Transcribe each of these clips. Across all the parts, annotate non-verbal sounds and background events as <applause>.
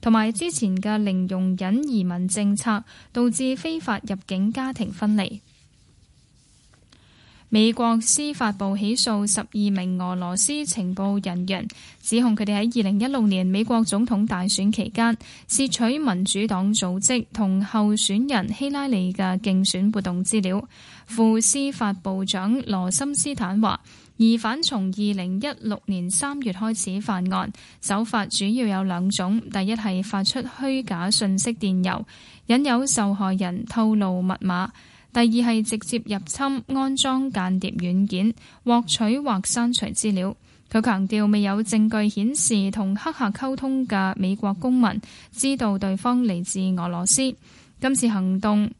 同埋之前嘅零容忍移民政策，導致非法入境家庭分離。美國司法部起訴十二名俄羅斯情報人員，指控佢哋喺二零一六年美國總統大選期間，竊取民主黨組織同候選人希拉里嘅競選活動資料。副司法部長羅森斯坦話：疑犯從二零一六年三月開始犯案，手法主要有兩種：第一係發出虛假信息電郵，引誘受害人透露密碼；第二係直接入侵、安裝間諜軟件，獲取或刪除資料。佢強調未有證據顯示同黑客溝通嘅美國公民知道對方嚟自俄羅斯。今次行動。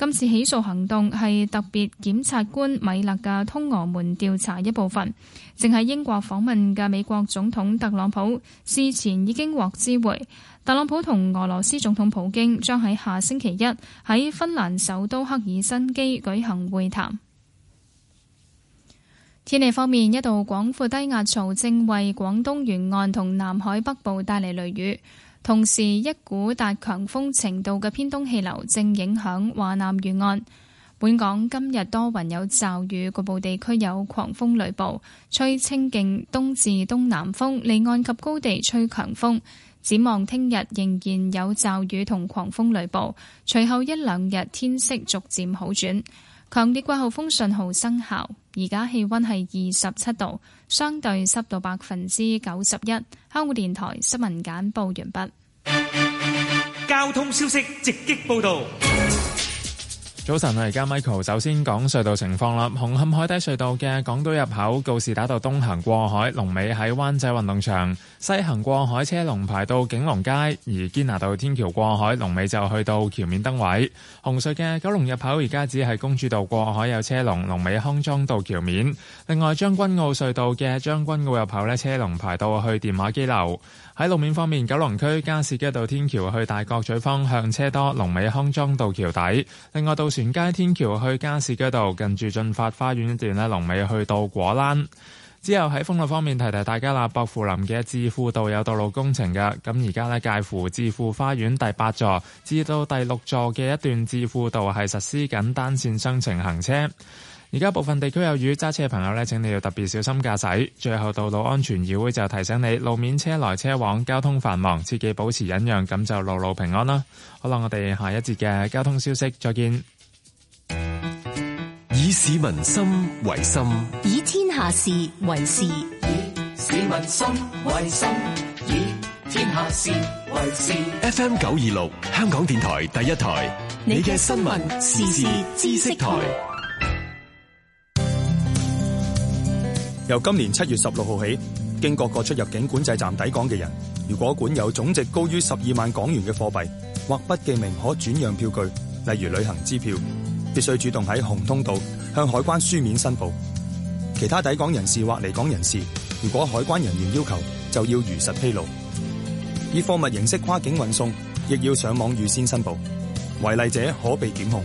今次起訴行動係特別檢察官米勒嘅通俄門調查一部分，正喺英國訪問嘅美國總統特朗普事前已經獲知會。特朗普同俄羅斯總統普京將喺下星期一喺芬蘭首都赫爾辛基舉行會談。天氣方面，一道廣闊低壓槽正為廣東沿岸同南海北部帶嚟雷雨。同時，一股達強風程度嘅偏東氣流正影響華南沿岸。本港今日多雲有驟雨，局部地區有狂風雷暴，吹清勁東至東南風，離岸及高地吹強風。展望聽日仍然有驟雨同狂風雷暴，隨後一兩日天色逐漸好轉。強烈季候風信號生效，而家氣温係二十七度，相對濕度百分之九十一。香港電台新聞簡報完畢。交通消息直擊報導。早晨，係而家 Michael，首先講隧道情況啦。紅磡海底隧道嘅港島入口告士打道東行過海，龍尾喺灣仔運動場；西行過海車龍排到景隆街。而堅拿道天橋過海龍尾就去到橋面燈位。紅隧嘅九龍入口而家只係公主道過海有車龍，龍尾康莊道橋面。另外，將軍澳隧道嘅將軍澳入口呢，車龍排到去電話機樓。喺路面方面，九龍區加士居道天橋去大角咀方向車多，龍尾康莊道橋底。另外，渡船街天橋去加士居道近住駿發花園一段咧，龍尾去到果欄之後。喺封路方面，提提大家喇，薄扶林嘅置富道有道路工程嘅咁，而家咧介乎置富花園第八座至到第六座嘅一段置富道係實施緊單線雙程行車。而家部分地區有雨，揸車嘅朋友呢，請你要特別小心駕駛。最後，道路安全議會就提醒你，路面車來車往，交通繁忙，切記保持忍讓，咁就路路平安啦。好啦，我哋下一節嘅交通消息再見。以市民心為心，以天下事為事。以市民心為心，以天下事為事。FM 九二六，香港電台第一台，你嘅新聞時事知識台。由今年七月十六號起，經各個出入境管制站抵港嘅人，如果管有總值高於十二萬港元嘅貨幣或不記名可轉讓票據，例如旅行支票，必須主動喺紅通道向海關書面申報。其他抵港人士或離港人士，如果海關人員要求，就要如實披露。以貨物形式跨境運送，亦要上網預先申報，違例者可被檢控。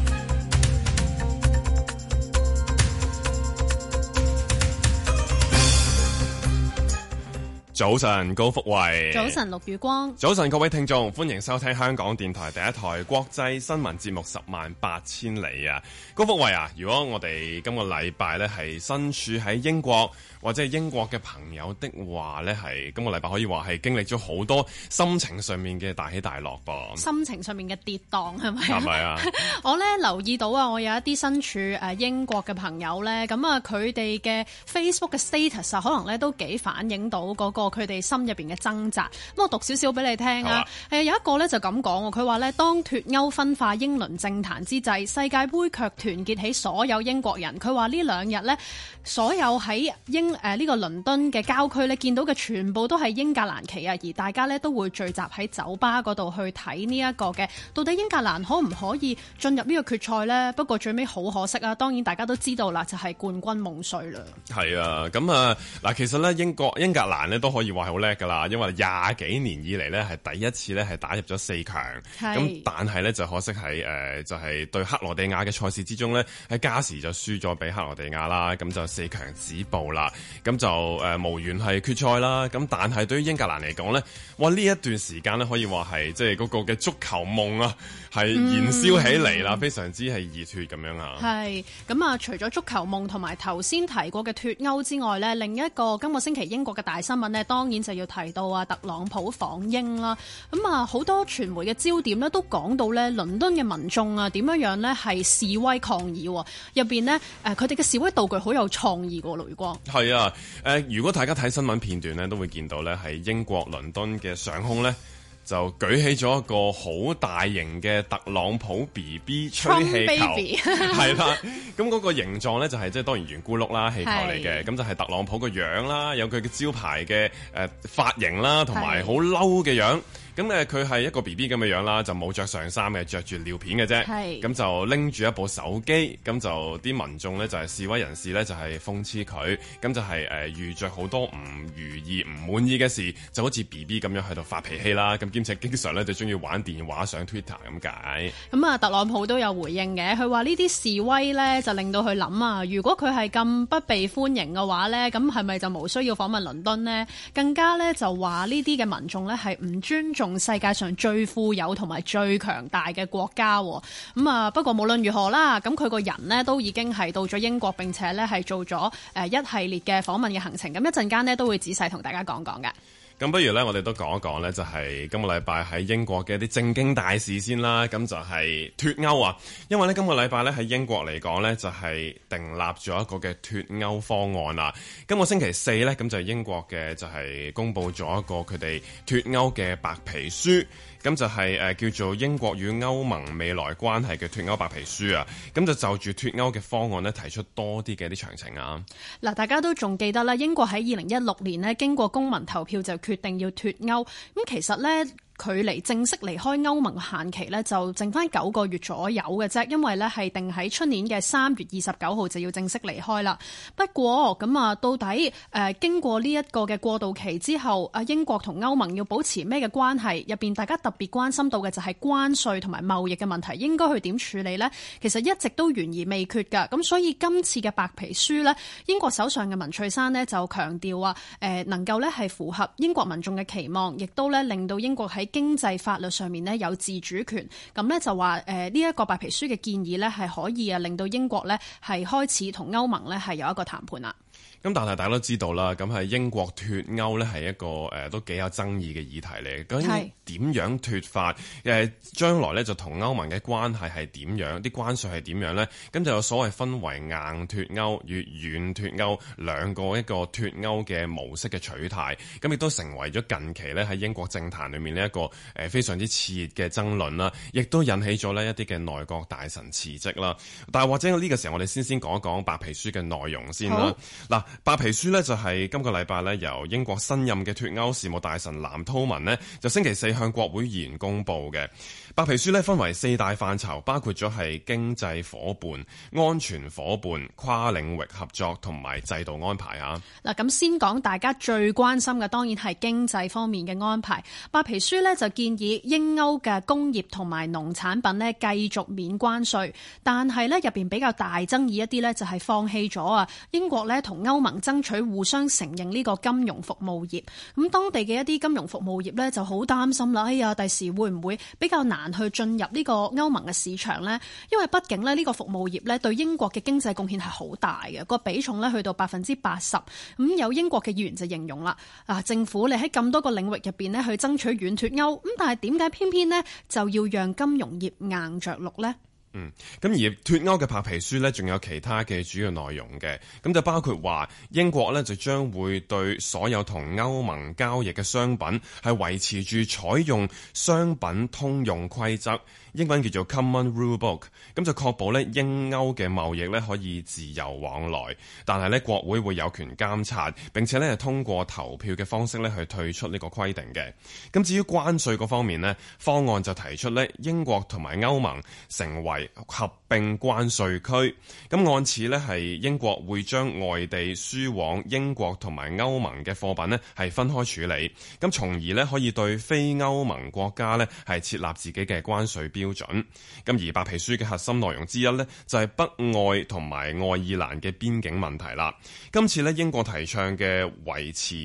早晨，高福慧。早晨，陸宇光。早晨，各位聽眾，歡迎收聽香港電台第一台國際新聞節目《十萬八千里》啊！高福慧啊，如果我哋今個禮拜咧係身處喺英國。或者係英國嘅朋友的話咧，係今個禮拜可以話係經歷咗好多心情上面嘅大起大落噃。心情上面嘅跌宕係咪？係咪啊！ <laughs> 我咧留意到啊，我有一啲身處誒、啊、英國嘅朋友咧，咁啊佢哋嘅 Facebook 嘅 status 可能咧都幾反映到嗰個佢哋心入邊嘅掙扎。咁我讀少少俾你聽啊。啊欸、有一個咧就咁講、啊，佢話咧當脫歐分化英倫政壇之際，世界盃卻團結起所有英國人。佢話呢兩日咧，所有喺英誒，啊這個、倫呢個倫敦嘅郊區呢見到嘅全部都係英格蘭旗啊，而大家呢，都會聚集喺酒吧嗰度去睇呢一個嘅，到底英格蘭可唔可以進入呢個決賽呢？不過最尾好可惜啊，當然大家都知道啦，就係、是、冠軍夢碎啦。係啊，咁啊，嗱，其實呢，英國英格蘭呢都可以話係好叻噶啦，因為廿幾年以嚟呢，係第一次呢，係打入咗四強，咁是但係呢，就可惜喺誒、呃，就係、是、對克羅地亞嘅賽事之中呢，喺加時就輸咗俾克羅地亞啦，咁就四強止步啦。咁就誒、呃、無緣係決賽啦。咁但係對於英格蘭嚟講呢，哇呢一段時間呢可以話係即係嗰個嘅足球夢啊，係燃燒起嚟啦，嗯、非常之係熱血咁樣啊。係咁啊，除咗足球夢同埋頭先提過嘅脱歐之外呢，另一個今個星期英國嘅大新聞呢，當然就要提到啊特朗普訪英啦。咁啊好多傳媒嘅焦點呢，都講到呢倫敦嘅民眾啊點樣樣呢係示威抗議、啊，入面呢，佢哋嘅示威道具好有創意過、啊、雷光啊！誒，如果大家睇新聞片段咧，都會見到咧，喺英國倫敦嘅上空咧，就舉起咗一個好大型嘅特朗普 BB 吹氣球，係啦。咁嗰個形狀咧、就係，就係即係當然圓咕碌啦，氣球嚟嘅。咁是就係特朗普個樣啦，有佢嘅招牌嘅誒、呃、髮型啦，同埋好嬲嘅樣。咁佢係一個 B B 咁嘅樣啦，就冇着上衫嘅，着住尿片嘅啫。咁係就拎住一部手機，咁就啲民眾呢，就係示威人士呢，就係諷刺佢，咁就係誒遇着好多唔如意、唔滿意嘅事，就好似 B B 咁樣喺度發脾氣啦。咁兼且經常呢，就中意玩電話上 Twitter 咁解。咁啊，特朗普都有回應嘅，佢話呢啲示威呢，就令到佢諗啊，如果佢係咁不被歡迎嘅話呢，咁係咪就無需要訪問倫敦呢？更加呢，就話呢啲嘅民眾呢，係唔尊重。仲世界上最富有同埋最強大嘅國家，咁、嗯、啊，不過無論如何啦，咁佢個人咧都已經係到咗英國，並且咧係做咗誒一系列嘅訪問嘅行程，咁一陣間咧都會仔細同大家講講嘅。咁不如咧，我哋都講一講咧，就係今個禮拜喺英國嘅一啲正經大事先啦。咁就係脫歐啊，因為咧今個禮拜咧喺英國嚟講咧，就係訂立咗一個嘅脫歐方案啦。今個星期四咧，咁就係英國嘅就係公布咗一個佢哋脫歐嘅白皮書。咁就係誒叫做英國與歐盟未來關係嘅脱歐白皮書啊。咁就就住脱歐嘅方案呢，提出多啲嘅啲詳情啊。嗱，大家都仲記得啦，英國喺二零一六年呢經過公民投票就決定要脱歐。咁其實呢。距離正式離開歐盟限期呢，就剩翻九個月左右嘅啫。因為呢，係定喺出年嘅三月二十九號就要正式離開啦。不過咁啊、嗯，到底誒、呃、經過呢一個嘅過渡期之後，啊英國同歐盟要保持咩嘅關係？入邊大家特別關心到嘅就係關稅同埋貿易嘅問題，應該去點處理呢？其實一直都懸而未決㗎。咁、嗯、所以今次嘅白皮書呢，英國首相嘅文翠珊呢，就強調啊，誒、呃、能夠呢係符合英國民眾嘅期望，亦都呢令到英國喺經濟法律上面咧有自主權，咁呢就話，誒呢一個白皮書嘅建議咧係可以啊令到英國咧係開始同歐盟咧係有一個談判啦。咁但係大家都知道啦，咁係英國脱歐呢係一個誒都幾有爭議嘅議題嚟嘅。究竟點樣脱法？誒將來呢就同歐盟嘅關係係點樣？啲關稅係點樣呢？咁就有所謂分為硬脱歐與軟脱歐兩個一個脱歐嘅模式嘅取態。咁亦都成為咗近期呢喺英國政壇裏面呢一個誒非常之熾熱嘅爭論啦，亦都引起咗呢一啲嘅內閣大臣辭職啦。但係或者呢個時候我哋先先講一講白皮書嘅內容先啦。白皮書呢就係今個禮拜呢由英國新任嘅脫歐事務大臣藍韜文呢就星期四向國會議員公布嘅。白皮書呢分為四大範疇，包括咗係經濟伙伴、安全伙伴、跨領域合作同埋制度安排嚇。嗱，咁先講大家最關心嘅，當然係經濟方面嘅安排。白皮書呢就建議英歐嘅工業同埋農產品呢繼續免關稅，但係呢入面比較大爭議一啲呢就係放棄咗啊英國呢同歐盟爭取互相承認呢個金融服務業，咁當地嘅一啲金融服務業咧就好擔心啦。哎呀，第時會唔會比較難去進入呢個歐盟嘅市場呢？因為畢竟咧呢個服務業咧對英國嘅經濟貢獻係好大嘅，個比重咧去到百分之八十。咁有英國嘅議員就形容啦，啊，政府你喺咁多個領域入邊咧去爭取軟脫歐，咁但係點解偏偏呢就要讓金融業硬着陸呢？」嗯，咁而脱歐嘅白皮書呢，仲有其他嘅主要內容嘅，咁就包括話英國呢，就將會對所有同歐盟交易嘅商品係維持住採用商品通用規則。英文叫做 Common Rule Book，咁就確保咧英歐嘅貿易咧可以自由往來，但係咧國會會有權監察，並且咧係通過投票嘅方式咧去退出呢個規定嘅。咁至於關稅方面咧，方案就提出咧英國同埋歐盟成為合併關稅區，咁按此咧係英國會將外地輸往英國同埋歐盟嘅貨品咧係分開處理，咁從而咧可以對非歐盟國家咧係設立自己嘅關稅標標準咁而白皮書嘅核心內容之一呢，就係北愛同埋愛爾蘭嘅邊境問題啦。今次呢，英國提倡嘅維持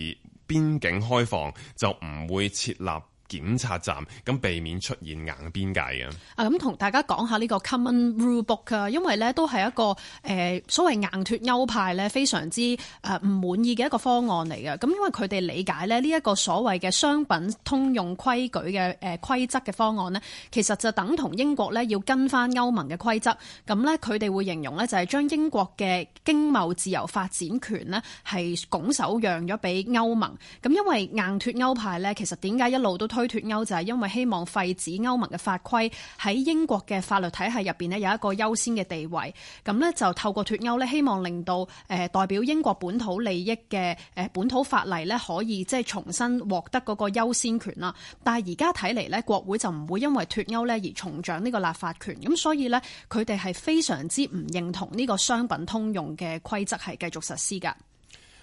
邊境開放，就唔會設立。檢查站，咁避免出現硬邊界嘅。啊，咁同大家講下呢個 Common Rule Book 啊，因為咧都係一個誒、呃、所謂硬脱歐派咧非常之誒唔、呃、滿意嘅一個方案嚟嘅。咁因為佢哋理解咧呢一、這個所謂嘅商品通用規矩嘅誒、呃、規則嘅方案呢，其實就等同英國咧要跟翻歐盟嘅規則。咁咧佢哋會形容咧就係、是、將英國嘅經貿自由發展權呢係拱手讓咗俾歐盟。咁因為硬脱歐派咧，其實點解一路都推脱歐就係因為希望廢止歐盟嘅法規喺英國嘅法律體系入邊呢，有一個優先嘅地位，咁呢，就透過脱歐呢，希望令到誒代表英國本土利益嘅誒本土法例呢，可以即係重新獲得嗰個優先權啦。但係而家睇嚟呢，國會就唔會因為脱歐呢而重掌呢個立法權，咁所以呢，佢哋係非常之唔認同呢個商品通用嘅規則係繼續實施㗎。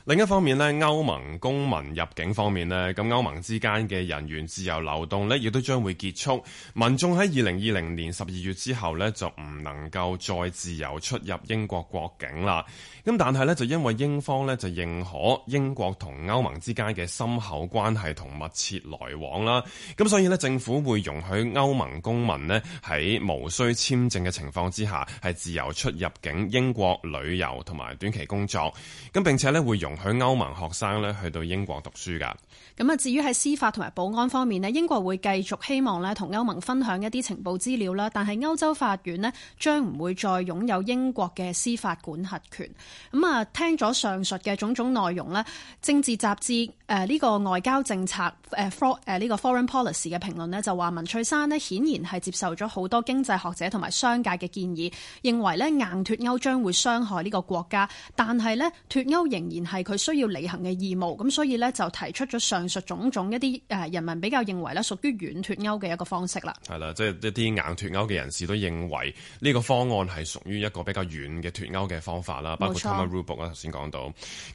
另一方面咧，歐盟公民入境方面咧，咁歐盟之間嘅人員自由流動咧，亦都將會結束。民眾喺二零二零年十二月之後咧，就唔能夠再自由出入英國國境啦。咁但係咧，就因為英方咧就認可英國同歐盟之間嘅深厚關係同密切來往啦，咁所以咧政府會容許歐盟公民咧喺無需簽證嘅情況之下，係自由出入境英國旅遊同埋短期工作，咁並且咧會容。向歐盟學生咧去到英國讀書噶，咁啊至於喺司法同埋保安方面咧，英國會繼續希望咧同歐盟分享一啲情報資料啦。但係歐洲法院咧將唔會再擁有英國嘅司法管轄權。咁啊，聽咗上述嘅種種內容咧，政治雜誌誒呢個外交政策誒誒呢個 foreign policy 嘅評論咧就話文翠珊咧顯然係接受咗好多經濟學者同埋商界嘅建議，認為咧硬脫歐將會傷害呢個國家，但係咧脫歐仍然係。佢需要履行嘅義務，咁所以咧就提出咗上述種種一啲誒人民比較認為咧屬於軟脫歐嘅一個方式啦。係啦，即係一啲硬脫歐嘅人士都認為呢個方案係屬於一個比較軟嘅脫歐嘅方法啦。包括 Tom Rubbo 啊，頭先講到。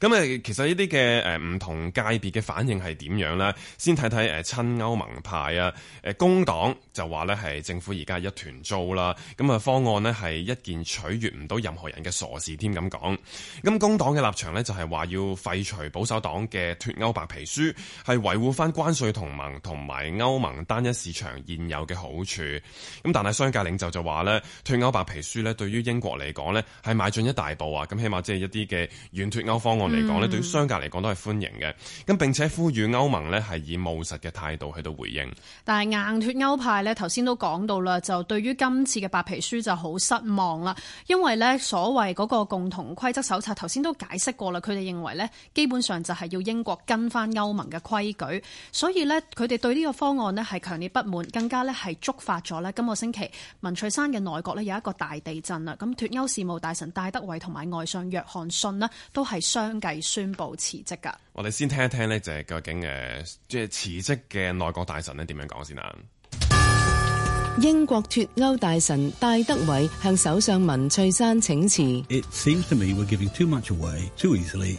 咁誒，冇錯。其實呢啲嘅誒唔同界別嘅反應係點樣咧？先睇睇誒親歐盟派啊，誒工黨就話咧係政府而家一團糟啦。咁啊方案咧係一件取悅唔到任何人嘅傻事添咁講，咁工黨嘅立場咧就係話要。要廢除保守黨嘅脫歐白皮書，係維護翻關稅同盟同埋歐盟單一市場現有嘅好處。咁但係商界領袖就話咧，脫歐白皮書咧對於英國嚟講咧係邁進一大步啊！咁起碼即係一啲嘅軟脫歐方案嚟講咧，嗯、對於商界嚟講都係歡迎嘅。咁並且呼籲歐盟咧係以務實嘅態度去到回應。但係硬脫歐派咧頭先都講到啦，就對於今次嘅白皮書就好失望啦，因為咧所謂嗰個共同規則手冊頭先都解釋過啦，佢哋認為。咧基本上就係要英國跟翻歐盟嘅規矩，所以呢，佢哋對呢個方案呢係強烈不滿，更加呢係觸發咗呢今個星期文翠山嘅內閣呢有一個大地震啦。咁脱歐事務大臣戴德偉同埋外相約翰遜呢都係相繼宣布辭職噶。我哋先聽一聽呢就係究竟誒即係辭職嘅內閣大臣呢點樣講先啦。英國脱歐大臣戴德偉向首相文翠山請辭。It seems to me we're giving too much away, too easily.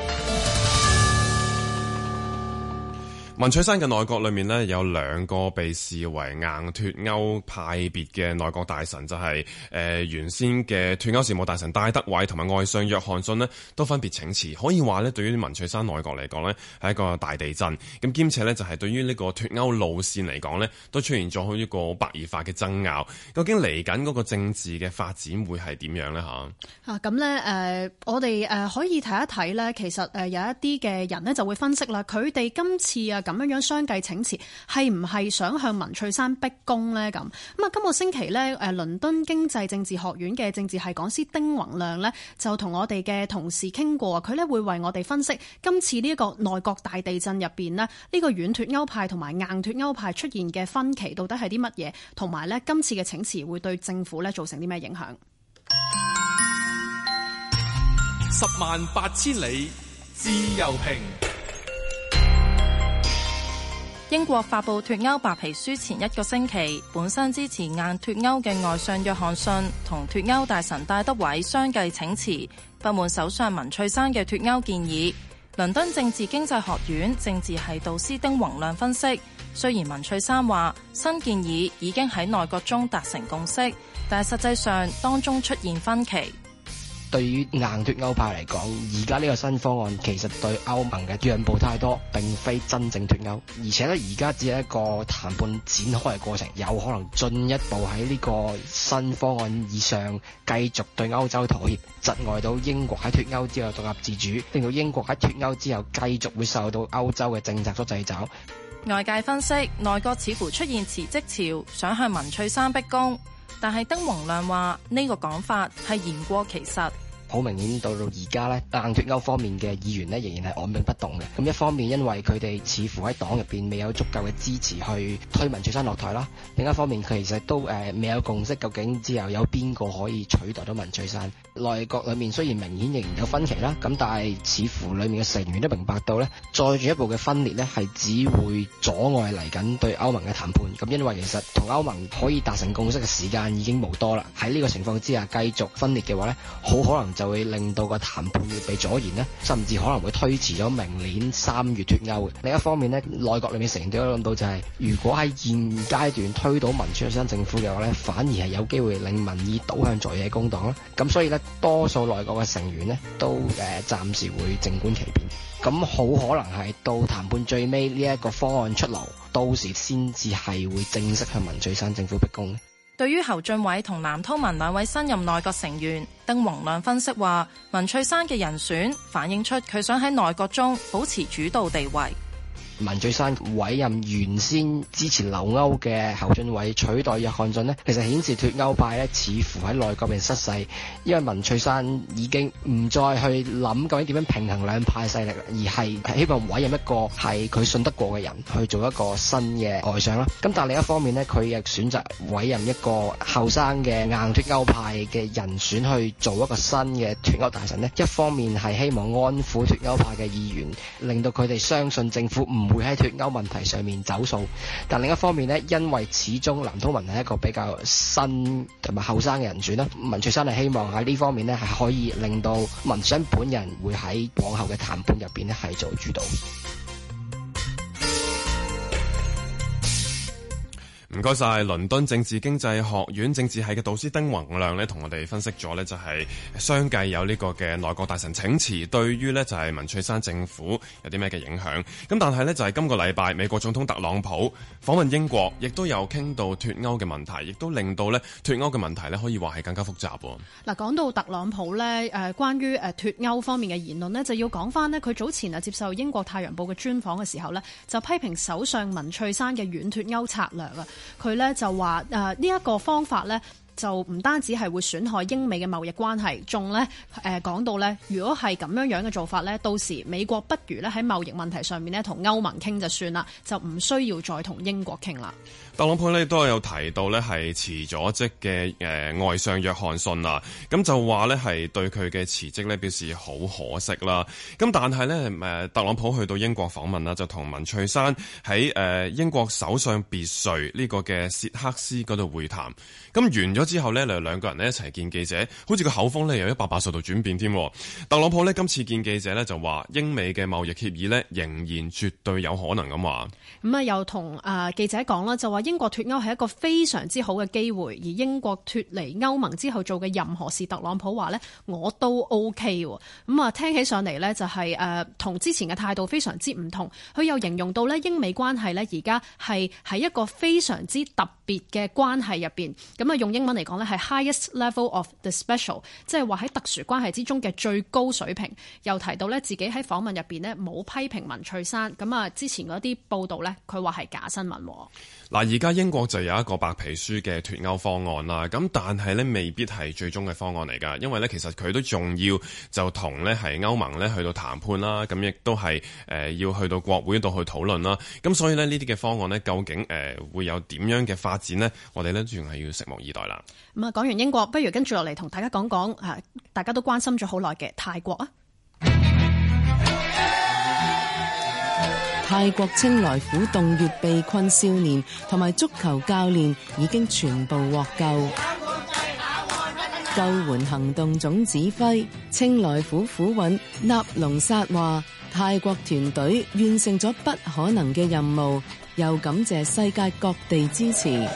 文翠山嘅內閣裏面呢，有兩個被視為硬脫歐派別嘅內閣大臣，就係、是、誒、呃、原先嘅脫歐事務大臣戴德偉同埋外相約翰遜呢都分別請辭。可以話呢，對於文翠山內閣嚟講呢係一個大地震。咁兼且呢，就係、是、對於呢個脫歐路線嚟講呢都出現咗好一個白熱化嘅爭拗。究竟嚟緊嗰個政治嘅發展會係點樣呢？嚇嚇咁呢，誒、呃、我哋誒、呃、可以睇一睇呢，其實誒、呃、有一啲嘅人呢就會分析啦，佢哋今次啊。咁樣相繼請辭，係唔係想向文翠山逼宮呢？咁咁啊，今個星期呢誒，倫敦經濟政治學院嘅政治系講師丁宏亮呢，就同我哋嘅同事傾過，佢咧會為我哋分析今次呢個內閣大地震入邊咧，呢、呢個軟脱歐派同埋硬脱歐派出現嘅分歧到底係啲乜嘢，同埋呢今次嘅請辭會對政府呢造成啲咩影響？十萬八千里自由平。英國發佈脫歐白皮書前一個星期，本身支持硬脱歐嘅外相約翰遜同脱歐大臣戴德偉相繼請辭，不滿首相文翠珊嘅脱歐建議。倫敦政治經濟學院政治系導師丁宏亮分析，雖然文翠珊話新建議已經喺內閣中達成共識，但係實際上當中出現分歧。對於硬脱歐派嚟講，而家呢個新方案其實對歐盟嘅讓步太多，並非真正脱歐。而且咧，而家只係一個談判展開嘅過程，有可能進一步喺呢個新方案以上繼續對歐洲妥協，窒礙到英國喺脱歐之後獨立自主，令到英國喺脱歐之後繼續會受到歐洲嘅政策所掣肘。外界分析，內閣似乎出現辭職潮，想向文翠珊逼宮。但係，丁宏亮話呢個講法係言過其實。好明顯到，到到而家咧，硬脫歐方面嘅議員咧，仍然係按兵不動嘅。咁一方面，因為佢哋似乎喺黨入邊未有足夠嘅支持去推文翠山落台啦，另一方面，佢其實都未有共識，究竟之後有邊個可以取代到文翠山？內閣裏面雖然明顯仍然有分歧啦，咁但係似乎裏面嘅成員都明白到咧，再進一步嘅分裂咧，係只會阻礙嚟緊對歐盟嘅談判。咁因為其實同歐盟可以達成共識嘅時間已經冇多啦。喺呢個情況之下，繼續分裂嘅話咧，好可能。就會令到個談判會被阻延咧，甚至可能會推遲咗明年三月脫歐。另一方面咧，內閣裏面成員都有諗到就係、是，如果喺現階段推倒文翠珊政府嘅話呢，反而係有機會令民意倒向在野工黨啦。咁所以呢多數內閣嘅成員呢都誒暫時會靜觀其變。咁好可能係到談判最尾呢一個方案出爐，到時先至係會正式向文翠珊政府逼宮。對於侯俊偉同藍韜文兩位新任內閣成員，鄧宏亮分析話，文翠珊嘅人選反映出佢想喺內閣中保持主導地位。文翠珊委任原先支持留歐嘅侯俊偉取代約翰遜咧，其實顯示脫歐派咧似乎喺內閣入面失勢，因為文翠珊已經唔再去諗究竟點樣平衡兩派勢力，而係希望委任一個係佢信得過嘅人去做一個新嘅外相啦。咁但係另一方面咧，佢亦選擇委任一個後生嘅硬脫歐派嘅人選去做一個新嘅脫歐大臣咧。一方面係希望安撫脫歐派嘅議員，令到佢哋相信政府唔會喺脱歐問題上面走數，但另一方面呢，因為始終林通文係一個比較新同埋後生嘅人選啦，文翠珊係希望喺呢方面呢，係可以令到文生本人會喺往後嘅談判入邊呢，係做主導。唔該曬，倫敦政治經濟學院政治系嘅導師丁宏亮呢同我哋分析咗呢就係相繼有呢個嘅內閣大臣請辭，對於呢就係文翠山政府有啲咩嘅影響。咁但係呢，就係今個禮拜美國總統特朗普訪問英國，亦都有傾到脱歐嘅問題，亦都令到呢脱歐嘅問題呢可以話係更加複雜。嗱，講到特朗普呢關於脫脱歐方面嘅言論呢，就要講翻呢。佢早前啊接受英國《太陽報》嘅專訪嘅時候呢，就批評首相文翠山嘅軟脱歐策略。佢咧就話誒呢一個方法呢，就唔單止係會損害英美嘅貿易關係，仲呢誒講、呃、到呢，如果係咁樣樣嘅做法呢，到時美國不如咧喺貿易問題上面咧同歐盟傾就算啦，就唔需要再同英國傾啦。特朗普呢都有提到呢係辭咗職嘅誒外相約翰遜啦。咁就話呢係對佢嘅辭職呢表示好可惜啦。咁但係呢特朗普去到英國訪問啦，就同文翠珊喺誒英國首相別墅呢個嘅薛克斯嗰度會談。咁完咗之後呢兩兩個人呢一齊見記者，好似個口風呢由一百八十度轉變添。特朗普呢今次見記者呢就話，英美嘅貿易協議呢仍然絕對有可能咁話。咁啊又同啊記者講啦，就話英國脫歐係一個非常之好嘅機會，而英國脫離歐盟之後做嘅任何事，特朗普話呢我都 OK。咁啊，聽起上嚟呢就係誒同之前嘅態度非常之唔同。佢又形容到呢英美關係呢而家係喺一個非常之特別嘅關係入邊。咁啊，用英文嚟講呢係 highest level of the special，即係話喺特殊關係之中嘅最高水平。又提到呢自己喺訪問入邊呢冇批評文翠珊。咁啊，之前嗰啲報道呢，佢話係假新聞。而家英國就有一個白皮書嘅脱歐方案啦，咁但係咧未必係最終嘅方案嚟噶，因為咧其實佢都仲要就同咧係歐盟咧去到談判啦，咁亦都係誒要去到國會度去討論啦，咁所以呢，呢啲嘅方案呢，究竟誒會有點樣嘅發展呢？我哋咧仲係要拭目以待啦。咁啊，講完英國，不如跟住落嚟同大家講講大家都關心咗好耐嘅泰國啊。泰國清萊府洞穴被困少年同埋足球教練已經全部獲救。救援行動總指揮清萊府府尹納隆沙話：泰國團隊完成咗不可能嘅任務，又感謝世界各地支持。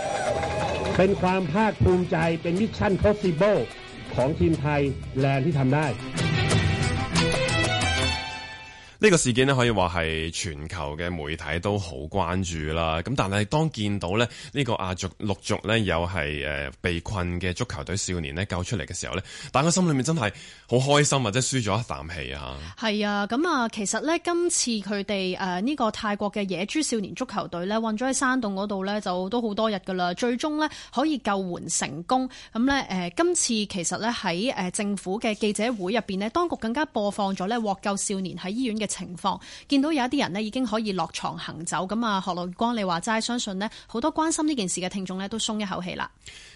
呢個事件呢可以話係全球嘅媒體都好關注啦。咁但係當見到呢呢個亞族陸續呢又係誒被困嘅足球隊少年呢救出嚟嘅時候呢，大家心裏面真係好開心或者舒咗一啖氣啊！係啊，咁啊、嗯，其實呢，今次佢哋誒呢個泰國嘅野豬少年足球隊呢，困咗喺山洞嗰度呢，就都好多日㗎喇。最終呢，可以救援成功。咁、嗯、呢，誒、呃，今次其實呢，喺誒政府嘅記者會入邊呢，當局更加播放咗呢，獲救少年喺醫院嘅情況見到有一啲人呢已經可以落床行走咁啊，何樂光你，你話齋相信呢好多關心呢件事嘅聽眾呢都鬆一口氣啦。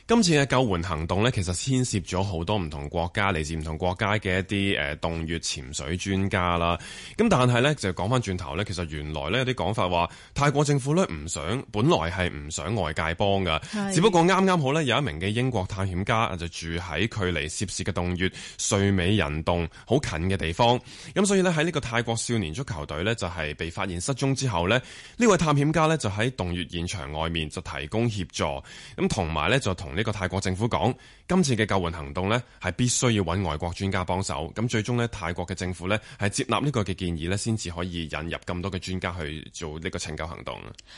今次嘅救援行動呢其實牽涉咗好多唔同國家嚟自唔同國家嘅一啲誒洞穴潛水專家啦。咁但係呢，就講返轉頭呢其實原來呢，有啲講法話泰國政府呢唔想，本來係唔想外界幫㗎。只不過啱啱好呢，有一名嘅英國探險家就住喺距離涉事嘅洞穴睡美人洞好近嘅地方。咁所以呢，喺呢個泰國少年足球隊呢，就係被發現失蹤之後呢，呢位探險家呢就喺洞穴現場外面就提供協助，咁同埋呢，就同。呢個泰國政府講，今次嘅救援行動呢係必須要揾外國專家幫手。咁最終呢，泰國嘅政府呢係接納呢個嘅建議呢先至可以引入咁多嘅專家去做呢個拯救行動。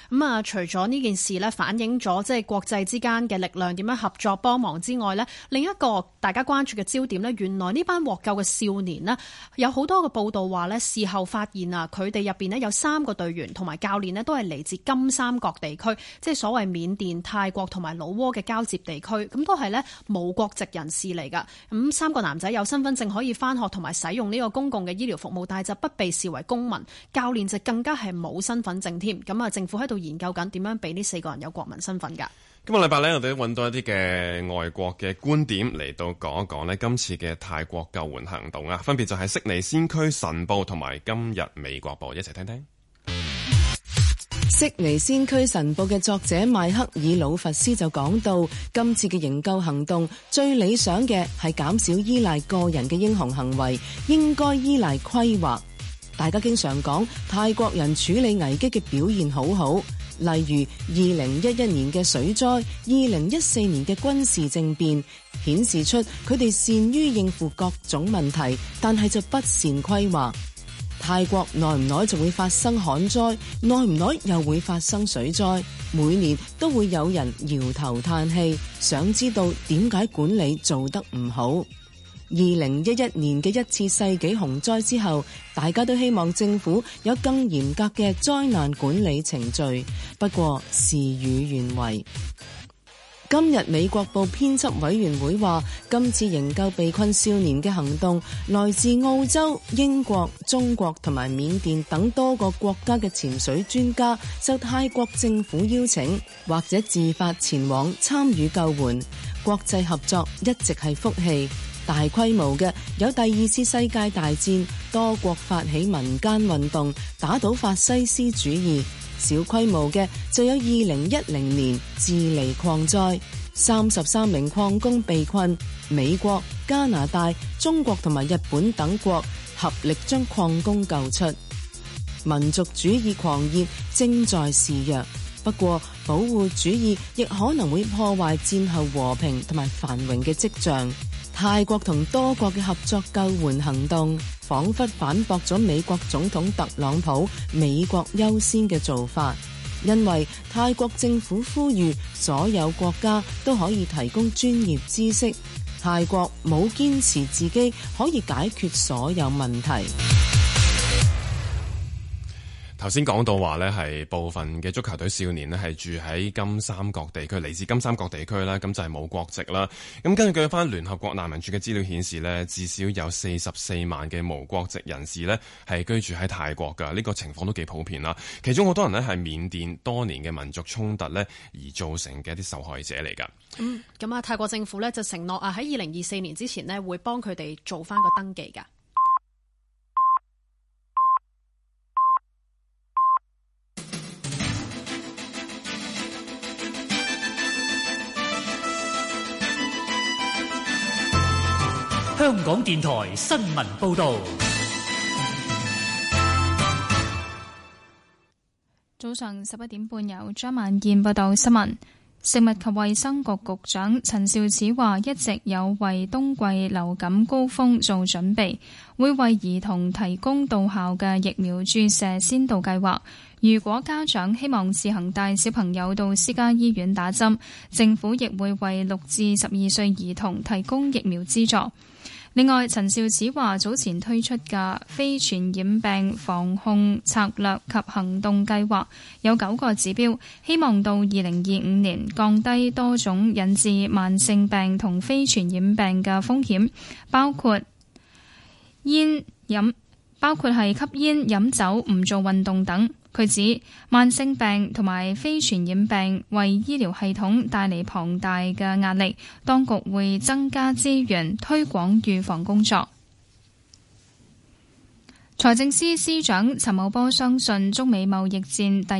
咁啊、嗯，除咗呢件事呢反映咗即係國際之間嘅力量點樣合作幫忙之外呢，另一個大家關注嘅焦點呢，原來呢班獲救嘅少年呢有好多嘅報道話呢事後發現啊，佢哋入邊呢有三個隊員同埋教練呢都係嚟自金三角地區，即係所謂緬甸、泰國同埋老撾嘅交接地區咁都係呢，冇國籍人士嚟噶咁三個男仔有身份證可以翻學同埋使用呢個公共嘅醫療服務，但係就不被視為公民。教練就更加係冇身份證添咁啊。政府喺度研究緊點樣俾呢四個人有國民身份噶。今日禮拜呢，我哋都揾到一啲嘅外國嘅觀點嚟到講一講呢。今次嘅泰國救援行動啊，分別就係悉尼先驅晨報同埋今日美國報，一齊聽聽。《悉尼先驅晨報》嘅作者邁克爾·魯弗斯就講到，今次嘅營救行動最理想嘅係減少依賴個人嘅英雄行為，應該依賴規劃。大家經常講泰國人處理危機嘅表現好好，例如二零一一年嘅水災、二零一四年嘅軍事政變，顯示出佢哋善於應付各種問題，但係就不善規劃。泰國耐唔耐就會發生旱災，耐唔耐又會發生水災，每年都會有人搖頭嘆氣，想知道點解管理做得唔好。二零一一年嘅一次世紀洪災之後，大家都希望政府有更嚴格嘅災難管理程序，不過事與願違。今日美國報編輯委員會話，今次營救被困少年嘅行動，來自澳洲、英國、中國同埋緬甸等多個國家嘅潛水專家，受泰國政府邀請或者自發前往參與救援。國際合作一直係福氣。大規模嘅有第二次世界大戰，多國發起民間運動打倒法西斯主義；小規模嘅就有二零一零年智利礦災，三十三名礦工被困，美國、加拿大、中國同埋日本等國合力將礦工救出。民族主義狂熱正在示弱，不過保護主義亦可能會破壞戰後和平同埋繁榮嘅跡象。泰國同多國嘅合作救援行動，仿佛反駁咗美國總統特朗普美國優先嘅做法，因為泰國政府呼籲所有國家都可以提供專業知識，泰國冇堅持自己可以解決所有問題。頭先講到話呢係部分嘅足球隊少年咧，係住喺金三角地區，嚟自金三角地區啦，咁就係、是、冇國籍啦。咁根據翻聯合國難民署嘅資料顯示呢，至少有四十四萬嘅無國籍人士呢係居住喺泰國噶，呢、這個情況都幾普遍啦。其中好多人呢係緬甸多年嘅民族衝突呢而造成嘅一啲受害者嚟噶。咁啊、嗯，泰國政府呢就承諾啊，喺二零二四年之前呢會幫佢哋做翻個登記噶。香港電台新聞報導，早上十一點半由張萬燕報道新聞。食物及衛生局局長陳肇始話：一直有為冬季流感高峰做準備，會為兒童提供到校嘅疫苗注射先導計劃。如果家長希望自行帶小朋友到私家醫院打針，政府亦會為六至十二歲兒童提供疫苗資助。另外，陳肇始話早前推出嘅非傳染病防控策略及行動計劃有九個指標，希望到二零二五年降低多種引致慢性病同非傳染病嘅風險，包括煙飲，包括係吸煙、飲酒、唔做運動等。佢指慢性病同埋非傳染病為醫療系統帶嚟龐大嘅壓力，當局會增加資源，推廣預防工作。財政司司長陳茂波相信中美貿易戰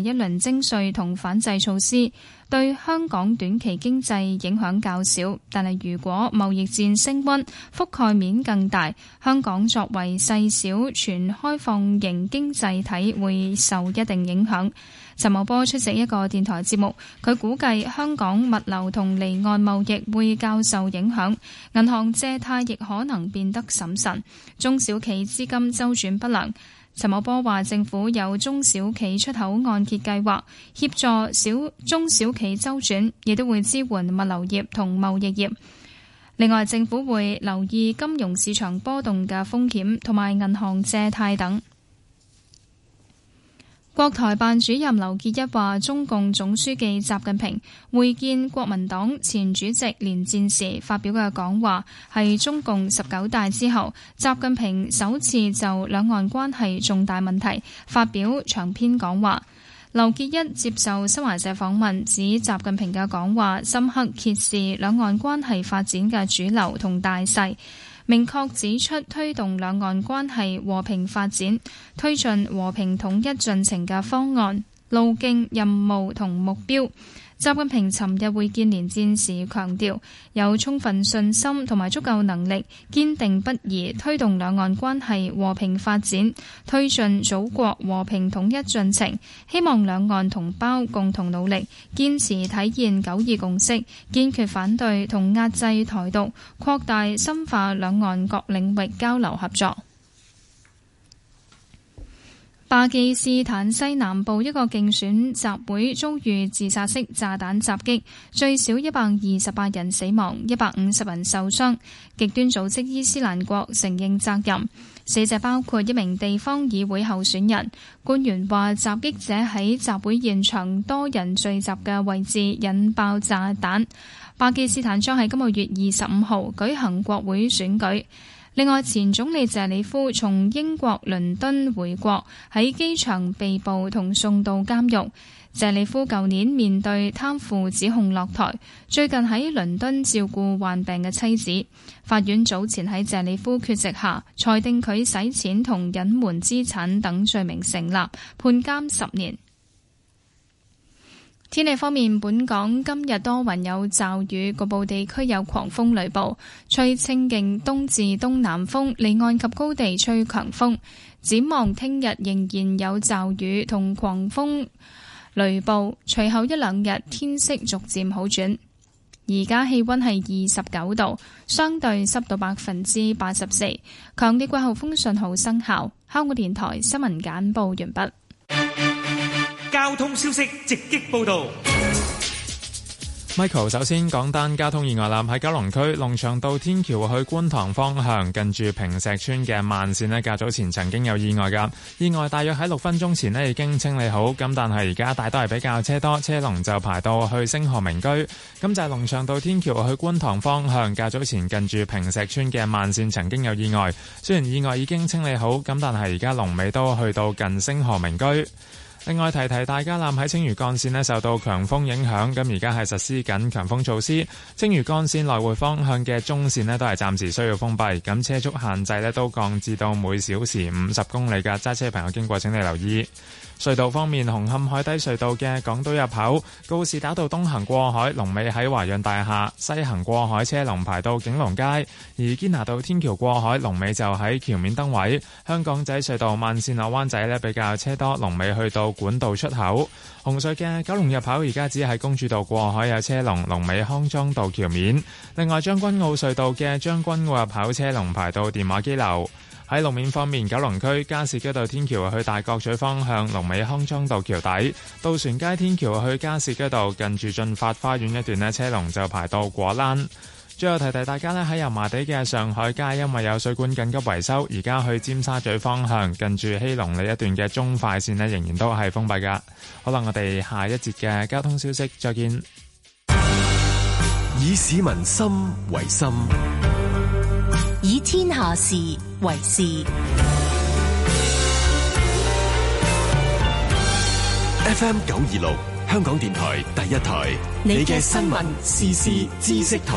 第一輪徵稅同反制措施。對香港短期經濟影響較少，但係如果貿易戰升溫，覆蓋面更大，香港作為細小全開放型經濟體會受一定影響。陳茂波出席一個電台節目，佢估計香港物流同離岸貿易會較受影響，銀行借貸亦可能變得審慎，中小企資金周轉不良。陳茂波話：政府有中小企出口按揭計劃，協助小中小企周轉，亦都會支援物流業同貿易業。另外，政府會留意金融市場波動嘅風險，同埋銀行借貸等。國台辦主任劉結一話，中共總書記習近平會見國民黨前主席連戰時發表嘅講話，係中共十九大之後，習近平首次就兩岸關係重大問題發表長篇講話。劉結一接受新華社訪問指，習近平嘅講話深刻揭示兩岸關係發展嘅主流同大勢。明確指出推動兩岸關係和平發展，推進和平統一進程嘅方案、路徑、任務同目標。習近平尋日會見連戰時，強調有充分信心同埋足夠能力，堅定不移推動兩岸關係和平發展，推進祖國和平統一進程。希望兩岸同胞共同努力，堅持體現九二共識，堅決反對同壓制台獨，擴大深化兩岸各領域交流合作。巴基斯坦西南部一個競選集會遭遇自殺式炸彈襲擊，最少一百二十八人死亡，一百五十人受傷。極端組織伊斯蘭國承認責任，死者包括一名地方議會候選人。官員話，襲擊者喺集會現場多人聚集嘅位置引爆炸彈。巴基斯坦將喺今個月二十五號舉行國會選舉。另外，前總理謝里夫從英國倫敦回國，喺機場被捕同送到監獄。謝里夫舊年面對貪腐指控落台，最近喺倫敦照顧患病嘅妻子。法院早前喺謝里夫缺席下，裁定佢洗錢同隱瞞資產等罪名成立，判監十年。天氣方面，本港今日多雲有驟雨，局部地區有狂風雷暴，吹清勁東至東南風，離岸及高地吹強風。展望聽日仍然有驟雨同狂風雷暴，隨後一兩日天色逐漸好轉。而家氣溫係二十九度，相對濕度百分之八十四，強烈季候風信號生效。香港電台新聞簡報完畢。交通消息直擊報道，Michael 首先講單交通意外。啦，喺九龍區龍翔道天橋去觀塘方向，近住平石村嘅慢線呢，較早前曾經有意外噶。意外大約喺六分鐘前呢已經清理好，咁但係而家大多係比較車多，車龍就排到去星河明居。咁就係龍翔道天橋去觀塘方向，較早前近住平石村嘅慢線曾經有意外。雖然意外已經清理好，咁但係而家龍尾都去到近星河明居。另外提提大家，南喺青嶼幹線受到強風影響，咁而家係實施緊強風措施。青嶼幹線來回方向嘅中線都係暫時需要封閉，咁車速限制都降至到每小時五十公里噶，揸車朋友經過請你留意。隧道方面，紅磡海底隧道嘅港島入口，告士打道東行過海，龍尾喺華潤大廈；西行過海車龍排到景隆街。而堅拿道天橋過海，龍尾就喺橋面燈位。香港仔隧道、慢線落灣仔呢，比較車多，龍尾去到管道出口。紅隧嘅九龍入口而家只喺公主道過海有車龍，龍尾康莊道橋面。另外，將軍澳隧道嘅將軍澳入口車龍排到電話機樓。喺路面方面，九龍區加士居道天橋去大角咀方向，龍尾康莊道橋底；渡船街天橋去加士居道近住駿發花園一段咧，車龍就排到果欄。最後提提大家咧，喺油麻地嘅上海街，因為有水管緊急維修，而家去尖沙咀方向近住熙龍里一段嘅中快線咧仍然都係封閉噶。好啦，我哋下一節嘅交通消息再見。以市民心為心。以天下事為事。FM 九二六，香港電台第一台，你嘅新聞、時事、知識台。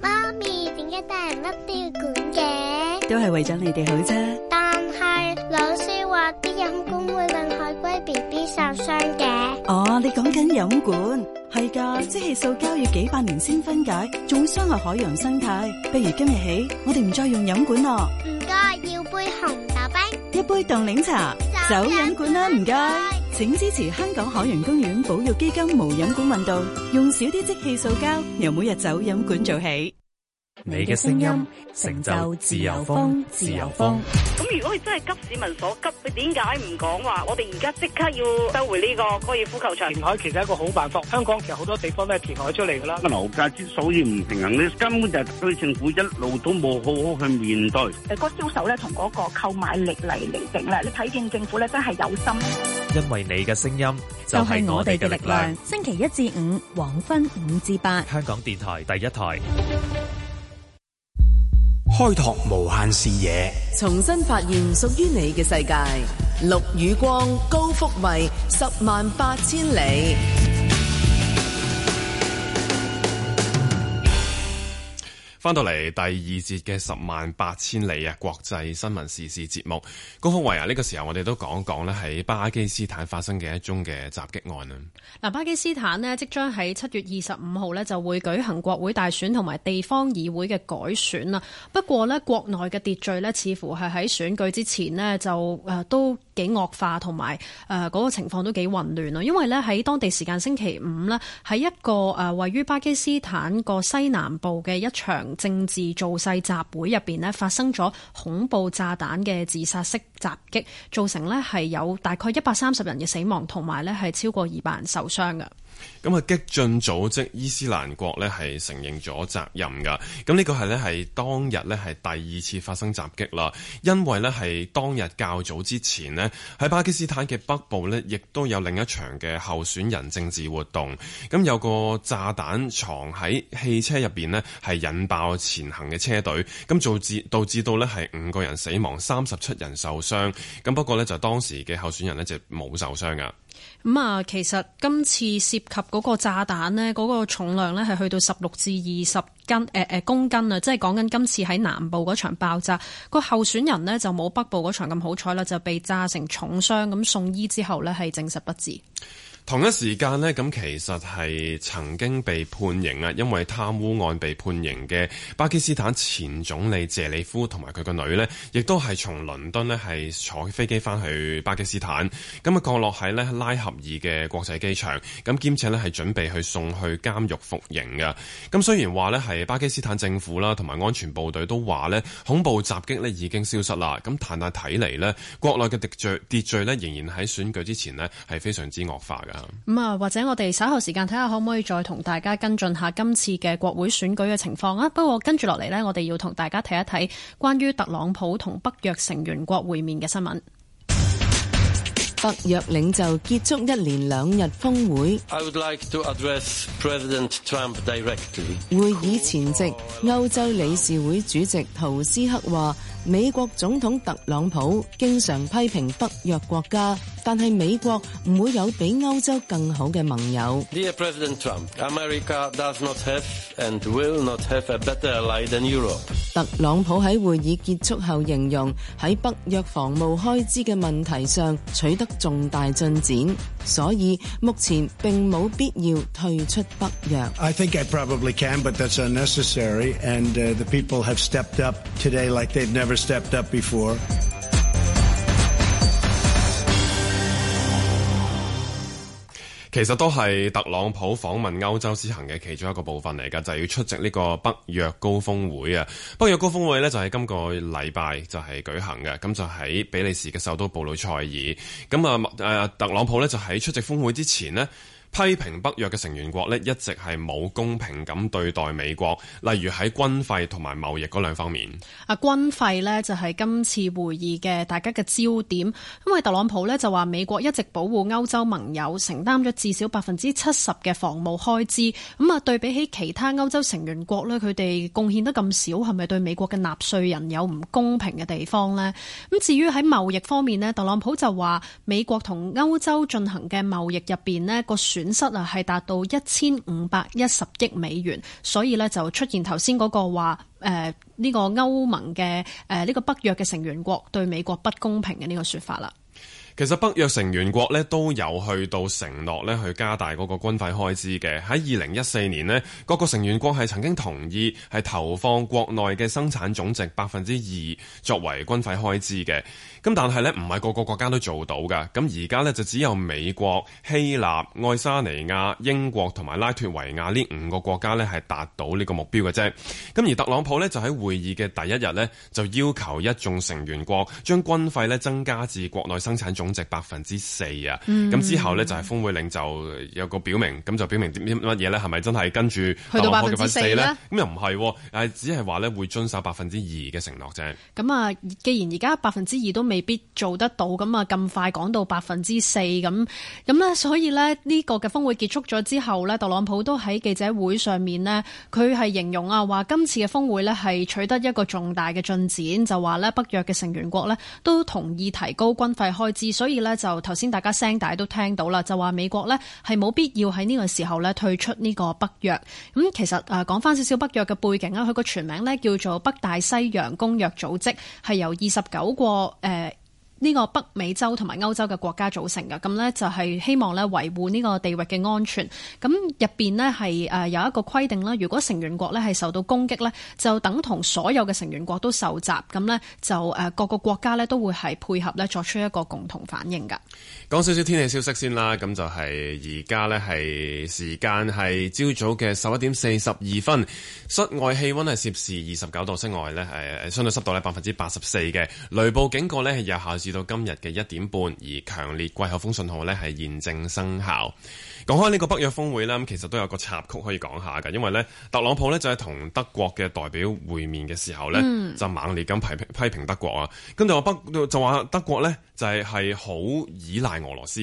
媽咪，點解大人乜都要管嘅？都係為咗你哋好啫。但係老師話啲人。會令海龜 B B 受傷嘅。哦，你講緊飲管，係噶，即棄塑膠要幾百年先分解，仲會傷害海洋生態。不如今日起，我哋唔再用飲管咯。唔該，要杯紅豆冰，一杯凍檸茶，走飲管啦，唔該。請支持香港海洋公園保育基金無飲管運動，用少啲即棄塑膠，由每日走飲管做起。你嘅聲音成就自由風，自由風。咁如果你真係急市民所急，你點解唔講話？我哋而家即刻要收回呢個高爾夫球場填海，其實係一個好辦法。香港其實好多地方都係填海出嚟噶啦。個樓價之所以唔平衡，你根本就係對政府一路都冇好好去面對。誒，嗰個銷售咧，同嗰個購買力嚟嚟定啦。你睇見政府咧，真係有心。因為你嘅聲音就係我哋嘅力量。星期一至五黃昏五至八，香港電台第一台。開拓無限視野，重新發現屬於你嘅世界。綠與光，高幅位，十萬八千里。翻到嚟第二節嘅十萬八千里啊！國際新聞時事節目，高峰維啊，呢、這個時候我哋都講一講咧，喺巴基斯坦發生嘅一宗嘅襲擊案啊！嗱，巴基斯坦呢，即將喺七月二十五號呢就會舉行國會大選同埋地方議會嘅改選啦。不過呢，國內嘅秩序呢，似乎係喺選舉之前呢就誒都。幾惡化同埋誒嗰個情況都幾混亂咯，因為呢，喺當地時間星期五呢，喺一個誒位於巴基斯坦個西南部嘅一場政治造勢集會入邊呢，發生咗恐怖炸彈嘅自殺式襲擊，造成呢係有大概一百三十人嘅死亡，同埋呢係超過二百人受傷嘅。咁啊，激進組織伊斯蘭國呢係承認咗責任噶。咁呢個係呢係當日呢係第二次發生襲擊啦。因為呢係當日較早之前呢喺巴基斯坦嘅北部呢亦都有另一場嘅候選人政治活動。咁有個炸彈藏喺汽車入邊呢係引爆前行嘅車隊。咁導致導致到呢係五個人死亡，三十七人受傷。咁不過呢就當時嘅候選人呢就冇受傷噶。咁啊，其實今次涉及嗰個炸彈呢，嗰個重量呢，係去到十六至二十斤，誒誒公斤啊，即係講緊今次喺南部嗰場爆炸個候選人呢就冇北部嗰場咁好彩啦，就被炸成重傷，咁送醫之後呢，係證實不治。同一時間呢，咁其實係曾經被判刑啊，因為貪污案被判刑嘅巴基斯坦前總理謝里夫同埋佢個女呢，亦都係從倫敦呢係坐飛機翻去巴基斯坦，咁啊降落喺呢拉合爾嘅國際機場，咁兼且呢係準備去送去監獄服刑嘅。咁雖然話呢係巴基斯坦政府啦，同埋安全部隊都話呢恐怖襲擊呢已經消失啦，咁但係睇嚟呢國內嘅秩序秩序呢仍然喺選舉之前呢係非常之惡化嘅。咁啊、嗯，或者我哋稍後時間睇下可唔可以再同大家跟進下今次嘅國會選舉嘅情況啊。不過跟住落嚟呢，我哋要同大家睇一睇關於特朗普同北約成員國會面嘅新聞。北約領袖結束一連兩日峰會。I would like to address President Trump directly. 會議前夕，歐洲理事會主席圖斯克話。美國總統特朗普經常批評北約國家，但係美國唔會有比歐洲更好嘅盟友。Trump，特朗普喺會議結束後形容，喺北約防務開支嘅問題上取得重大進展。所以目前並冇必要退出北約。I think I probably can, but that's unnecessary. And, uh, the people have stepped up today like they've never stepped up before. 其實都係特朗普訪問歐洲之行嘅其中一個部分嚟噶，就係要出席呢個北約高峰會啊。北約高峰會呢，就係今個禮拜就係舉行嘅，咁就喺比利時嘅首都布魯塞爾。咁啊，誒，特朗普呢，就喺出席峰會之前呢，批評北約嘅成員國呢，一直係冇公平咁對待美國，例如喺軍費同埋貿易嗰兩方面。啊，軍費呢就係今次會議嘅大家嘅焦點，因為特朗普呢就話美國一直保護歐洲盟友，承擔咗至少百分之七十嘅防務開支。咁啊，對比起其他歐洲成員國呢，佢哋貢獻得咁少，係咪對美國嘅納稅人有唔公平嘅地方呢？咁至於喺貿易方面呢，特朗普就話美國同歐洲進行嘅貿易入面呢個船。損失啊，係達到一千五百一十億美元，所以咧，就出現頭先嗰個話，誒呢個歐盟嘅誒呢個北約嘅成員國對美國不公平嘅呢個說法啦。其實北約成員國呢都有去到承諾呢去加大嗰個軍費開支嘅。喺二零一四年呢，各個成員國係曾經同意係投放國內嘅生產總值百分之二作為軍費開支嘅。咁但係咧，唔係個個國家都做到噶。咁而家咧就只有美國、希臘、愛沙尼亞、英國同埋拉脫維亞呢五個國家咧係達到呢個目標嘅啫。咁而特朗普咧就喺會議嘅第一日咧就要求一眾成員國將軍費咧增加至國內生產總值百分之四啊。咁、嗯、之後咧就係峰會令就有個表明，咁、嗯、就表明啲乜嘢咧？係咪真係跟住去到百分之四咧？咁又唔係，誒、啊、只係話咧會遵守百分之二嘅承諾啫。咁啊，既然而家百分之二都未必做得到咁啊！咁快講到百分之四咁咁咧，所以咧呢個嘅峰會結束咗之後咧，特朗普都喺記者會上面咧，佢係形容啊話今次嘅峰會咧係取得一個重大嘅進展，就話咧北約嘅成員國咧都同意提高軍費開支，所以咧就頭先大家聲大都聽到啦，就話美國咧係冇必要喺呢個時候咧退出呢個北約，咁其實啊，講翻少少北約嘅背景啊，佢個全名咧叫做北大西洋公約組織，係由二十九個誒。呃呢個北美洲同埋歐洲嘅國家組成嘅，咁咧就係希望咧維護呢個地域嘅安全。咁入邊咧係誒有一個規定啦，如果成員國咧係受到攻擊咧，就等同所有嘅成員國都受襲，咁咧就誒各個國家咧都會係配合咧作出一個共同反應嘅。噶講少少天氣消息先啦，咁就係而家咧係時間係朝早嘅十一點四十二分，室外氣溫係攝氏二十九度，室外咧係相對濕度咧百分之八十四嘅雷暴警告咧係有效。至到今日嘅一點半，而強烈季候風信號呢係現正生效。講開呢個北約峯會呢，其實都有一個插曲可以講下㗎，因為呢特朗普呢，就係同德國嘅代表會面嘅時候呢，嗯、就猛烈咁批評批評德國啊，跟住我北就話德國呢。就係係好依賴俄羅斯，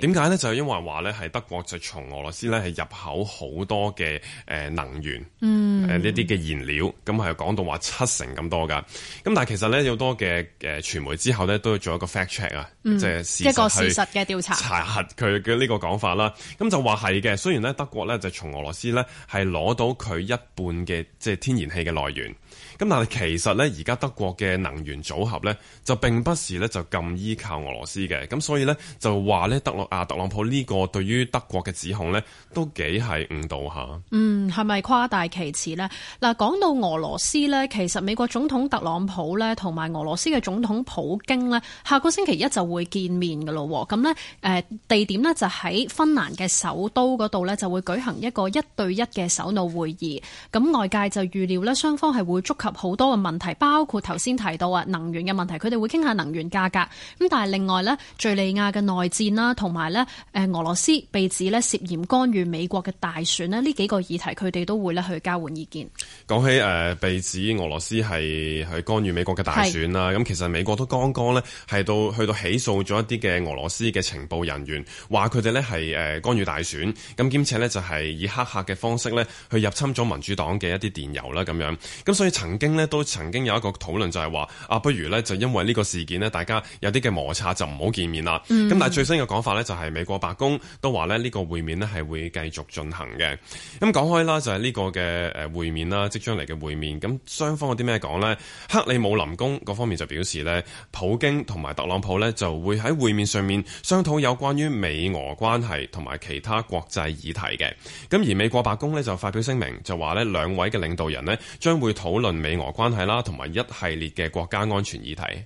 點解咧？就因為話咧，係德國就從俄羅斯咧係入口好多嘅誒能源，誒呢啲嘅燃料，咁係講到話七成咁多噶。咁但係其實咧，有多嘅誒傳媒之後咧，都要做一個 fact check 啊、嗯，即係一個事實嘅調查查核佢嘅呢個講法啦。咁、嗯、就話係嘅，雖然咧德國咧就從俄羅斯咧係攞到佢一半嘅即係天然氣嘅來源。咁但係其實咧，而家德國嘅能源組合咧，就並不是咧就咁依靠俄羅斯嘅，咁所以咧就話咧德洛亞特朗普呢個對於德國嘅指控咧，都幾係誤導下。嗯，係咪誇大其詞呢？嗱，講到俄羅斯咧，其實美國總統特朗普咧，同埋俄羅斯嘅總統普京呢，下個星期一就會見面嘅咯。咁呢，誒地點呢，就喺芬蘭嘅首都嗰度呢，就會舉行一個一對一嘅首腦會議。咁外界就預料呢，雙方係會觸及好多嘅問題，包括頭先提到啊能源嘅問題，佢哋會傾下能源價格。咁但係另外咧，敘利亞嘅內戰啦，同埋咧誒俄羅斯被指咧涉嫌干預美國嘅大選咧，呢幾個議題佢哋都會咧去交換意見。講起誒、呃、被指俄羅斯係去干預美國嘅大選啦，咁是其實美國都剛剛咧係到去到起訴咗一啲嘅俄羅斯嘅情報人員，話佢哋咧係誒干預大選。咁兼且咧就係以黑客嘅方式咧去入侵咗民主黨嘅一啲電郵啦，咁樣。咁所以曾經咧都曾經有一個討論，就係話啊，不如呢，就因為呢個事件咧，大家有啲嘅摩擦就唔好見面啦。咁、mm hmm. 但係最新嘅講法呢，就係美國白宮都話咧呢個會面咧係會繼續進行嘅。咁講開啦，就係、是、呢個嘅誒會面啦，即將嚟嘅會面，咁雙方有啲咩講呢？克里姆林宮嗰方面就表示咧，普京同埋特朗普咧就會喺會面上面商討有關於美俄關係同埋其他國際議題嘅。咁而美國白宮呢，就發表聲明，就話咧兩位嘅領導人呢，將會討論美美俄關係啦，同埋一系列嘅國家安全議題。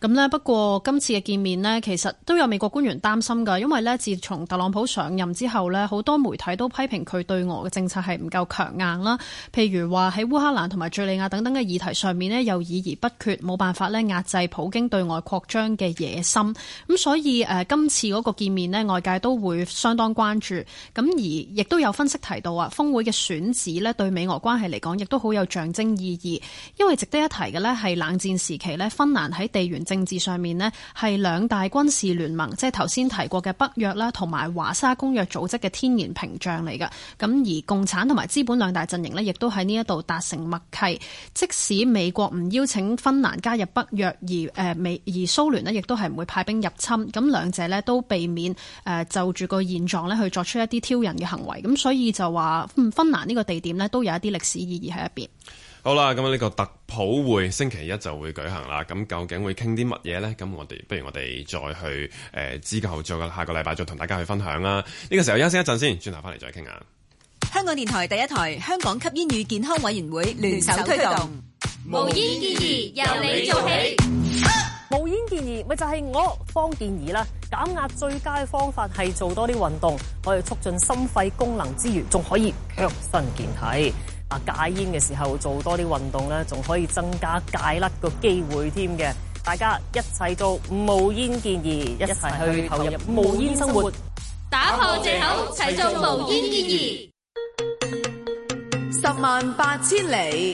咁呢、嗯，不過今次嘅見面呢，其實都有美國官員擔心㗎，因為呢，自從特朗普上任之後呢，好多媒體都批評佢對俄嘅政策係唔夠強硬啦。譬如話喺烏克蘭同埋敘利亞等等嘅議題上面呢，猶豫不決，冇辦法呢壓制普京對外擴張嘅野心。咁所以誒，今次嗰個見面呢，外界都會相當關注。咁而亦都有分析提到啊，峰會嘅選址呢，對美俄關係嚟講，亦都好有象徵意義。因為值得一提嘅呢，係冷戰時期呢，芬蘭喺地緣政治上面呢，係兩大軍事聯盟，即係頭先提過嘅北約啦，同埋華沙公約組織嘅天然屏障嚟㗎。咁而共產同埋資本兩大陣營呢，亦都喺呢一度達成默契。即使美國唔邀請芬蘭加入北約，而誒美而蘇聯呢，亦都係唔會派兵入侵。咁兩者呢，都避免誒就住個現狀呢去作出一啲挑釁嘅行為。咁所以就話，芬蘭呢個地點呢，都有一啲歷史意義喺入邊。好啦，咁呢個特普會星期一就會舉行啦。咁究竟會傾啲乜嘢呢？咁我哋不如我哋再去誒，之、呃、後再下個禮拜再同大家去分享啦。呢、這個時候休息一陣先，轉頭翻嚟再傾下。香港電台第一台、香港吸煙與健康委員會聯手推動無煙建議，由你做起。無煙建議咪就係、是、我方建議啦。減壓最佳嘅方法係做多啲運動，可以促進心肺功能之餘，仲可以強身健體。啊！戒煙嘅時候做多啲運動咧，仲可以增加戒甩個機會添嘅。大家一齊做無煙建議，一齊去投入無煙生活，打破借口，齊做無煙建議。十萬八千里。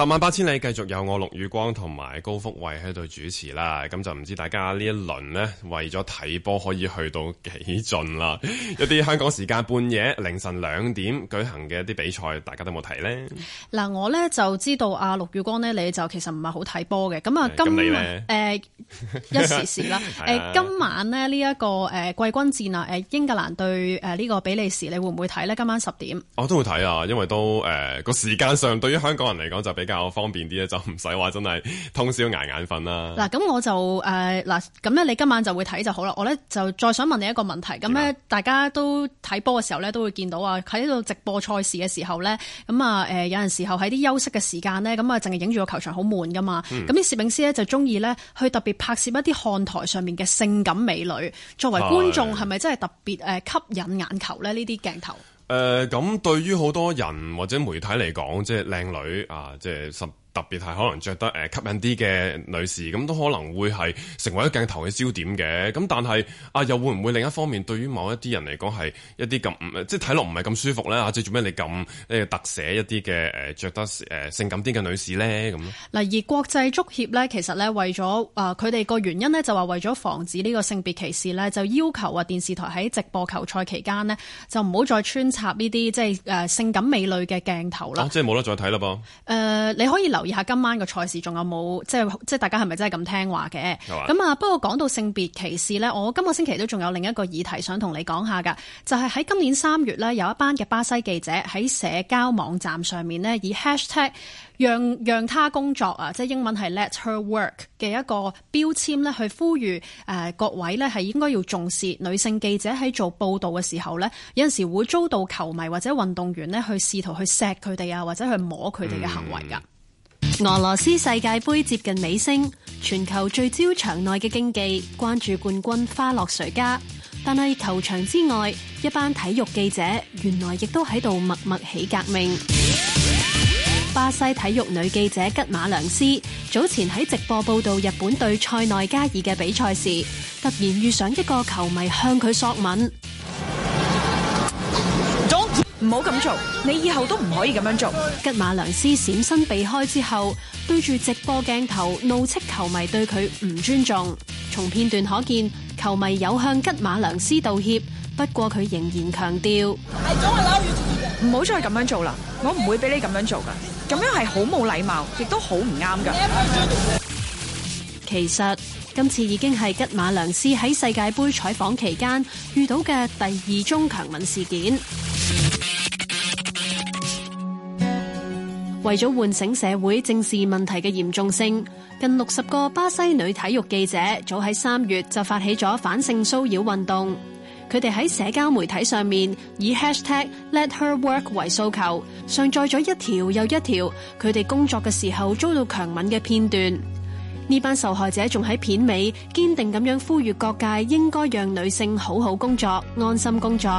十萬八千里繼續有我陸宇光同埋高福偉喺度主持啦，咁就唔知大家呢一輪呢，為咗睇波可以去到幾盡啦？一啲香港時間半夜凌晨兩點舉行嘅一啲比賽，大家都冇睇呢？嗱，我呢就知道啊，陸宇光呢，你就其實唔係好睇波嘅，咁啊、嗯、今日誒呢、呃、一時時啦，誒 <laughs> 是、啊呃、今晚呢，呢、這、一個誒季、呃、軍戰啊，誒、呃、英格蘭對誒呢、呃這個比利時，你會唔會睇呢？今晚十點，我、啊、都會睇啊，因為都誒個、呃、時間上對於香港人嚟講就比較較方便啲咧，就唔使話真係通宵捱眼瞓啦。嗱，咁我就誒，嗱咁咧，你今晚就會睇就好啦。我咧就再想問你一個問題。咁咧麼，大家都睇波嘅時候咧，都會見到啊，喺呢度直播賽事嘅時候咧，咁啊，誒，有陣時候喺啲休息嘅時間咧，咁啊，淨係影住個球場好悶㗎嘛。咁啲攝影師咧就中意咧去特別拍攝一啲看台上面嘅性感美女，作為觀眾，係咪真係特別誒吸引眼球咧？呢啲鏡頭？誒，咁、呃、對於好多人或者媒體嚟講，即係靚女啊，即係十。特別係可能著得吸引啲嘅女士，咁都可能會係成為一鏡頭嘅焦點嘅。咁但係啊，又會唔會另一方面對於某一啲人嚟講係一啲咁，即係睇落唔係咁舒服咧？啊，即係做咩你咁特寫一啲嘅誒著得性感啲嘅女士咧？咁嗱，而國際足協咧，其實咧為咗佢哋個原因咧就話為咗防止呢個性別歧視咧，就要求話電視台喺直播球賽期間呢，就唔好再穿插呢啲即係性感美女嘅鏡頭啦、啊。即係冇得再睇啦噃。你可以留意。而下今晚嘅賽事仲有冇？即係即係，大家係咪真係咁聽話嘅咁啊？Oh yeah. 不過講到性別歧視咧，我今個星期都仲有另一個議題想同你講下噶，就係、是、喺今年三月咧，有一班嘅巴西記者喺社交網站上面呢，以 hashtag 讓讓他工作啊，即係英文係 Let Her Work 嘅一個標籤咧，去呼籲誒各位咧係應該要重視女性記者喺做報道嘅時候咧，有陣時會遭到球迷或者運動員呢，去試圖去錫佢哋啊，或者去摸佢哋嘅行為噶。Mm hmm. 俄羅斯世界杯接近尾聲，全球聚焦場內嘅競技，關注冠軍花落誰家。但係球場之外，一班體育記者原來亦都喺度默默起革命。巴西體育女記者吉馬良斯早前喺直播報道日本對塞內加爾嘅比賽時，突然遇上一個球迷向佢索吻。唔好咁做，你以後都唔可以咁樣做。吉馬良斯閃身避開之後，對住直播鏡頭怒斥球迷對佢唔尊重。從片段可見，球迷有向吉馬良斯道歉，不過佢仍然強調：唔好再咁樣做啦，我唔會俾你咁樣做噶，咁樣係好冇禮貌，亦都好唔啱噶。其實今次已經係吉馬良斯喺世界杯採訪期間遇到嘅第二宗強吻事件。為咗喚醒社會正視問題嘅嚴重性，近六十個巴西女體育記者早喺三月就發起咗反性騷擾運動。佢哋喺社交媒體上面以 #LetHerWork 為訴求，上載咗一條又一條佢哋工作嘅時候遭到強吻嘅片段。呢班受害者仲喺片尾堅定咁樣呼籲各界應該讓女性好好工作、安心工作。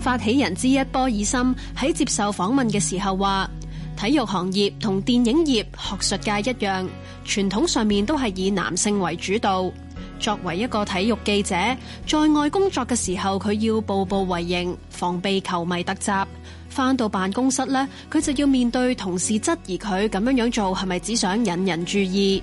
發起人之一波爾森喺接受訪問嘅時候話：體育行業同電影業、學術界一樣，傳統上面都係以男性為主導。作為一個體育記者，在外工作嘅時候，佢要步步為營，防備球迷突襲；翻到辦公室呢，佢就要面對同事質疑佢咁樣樣做係咪只想引人注意？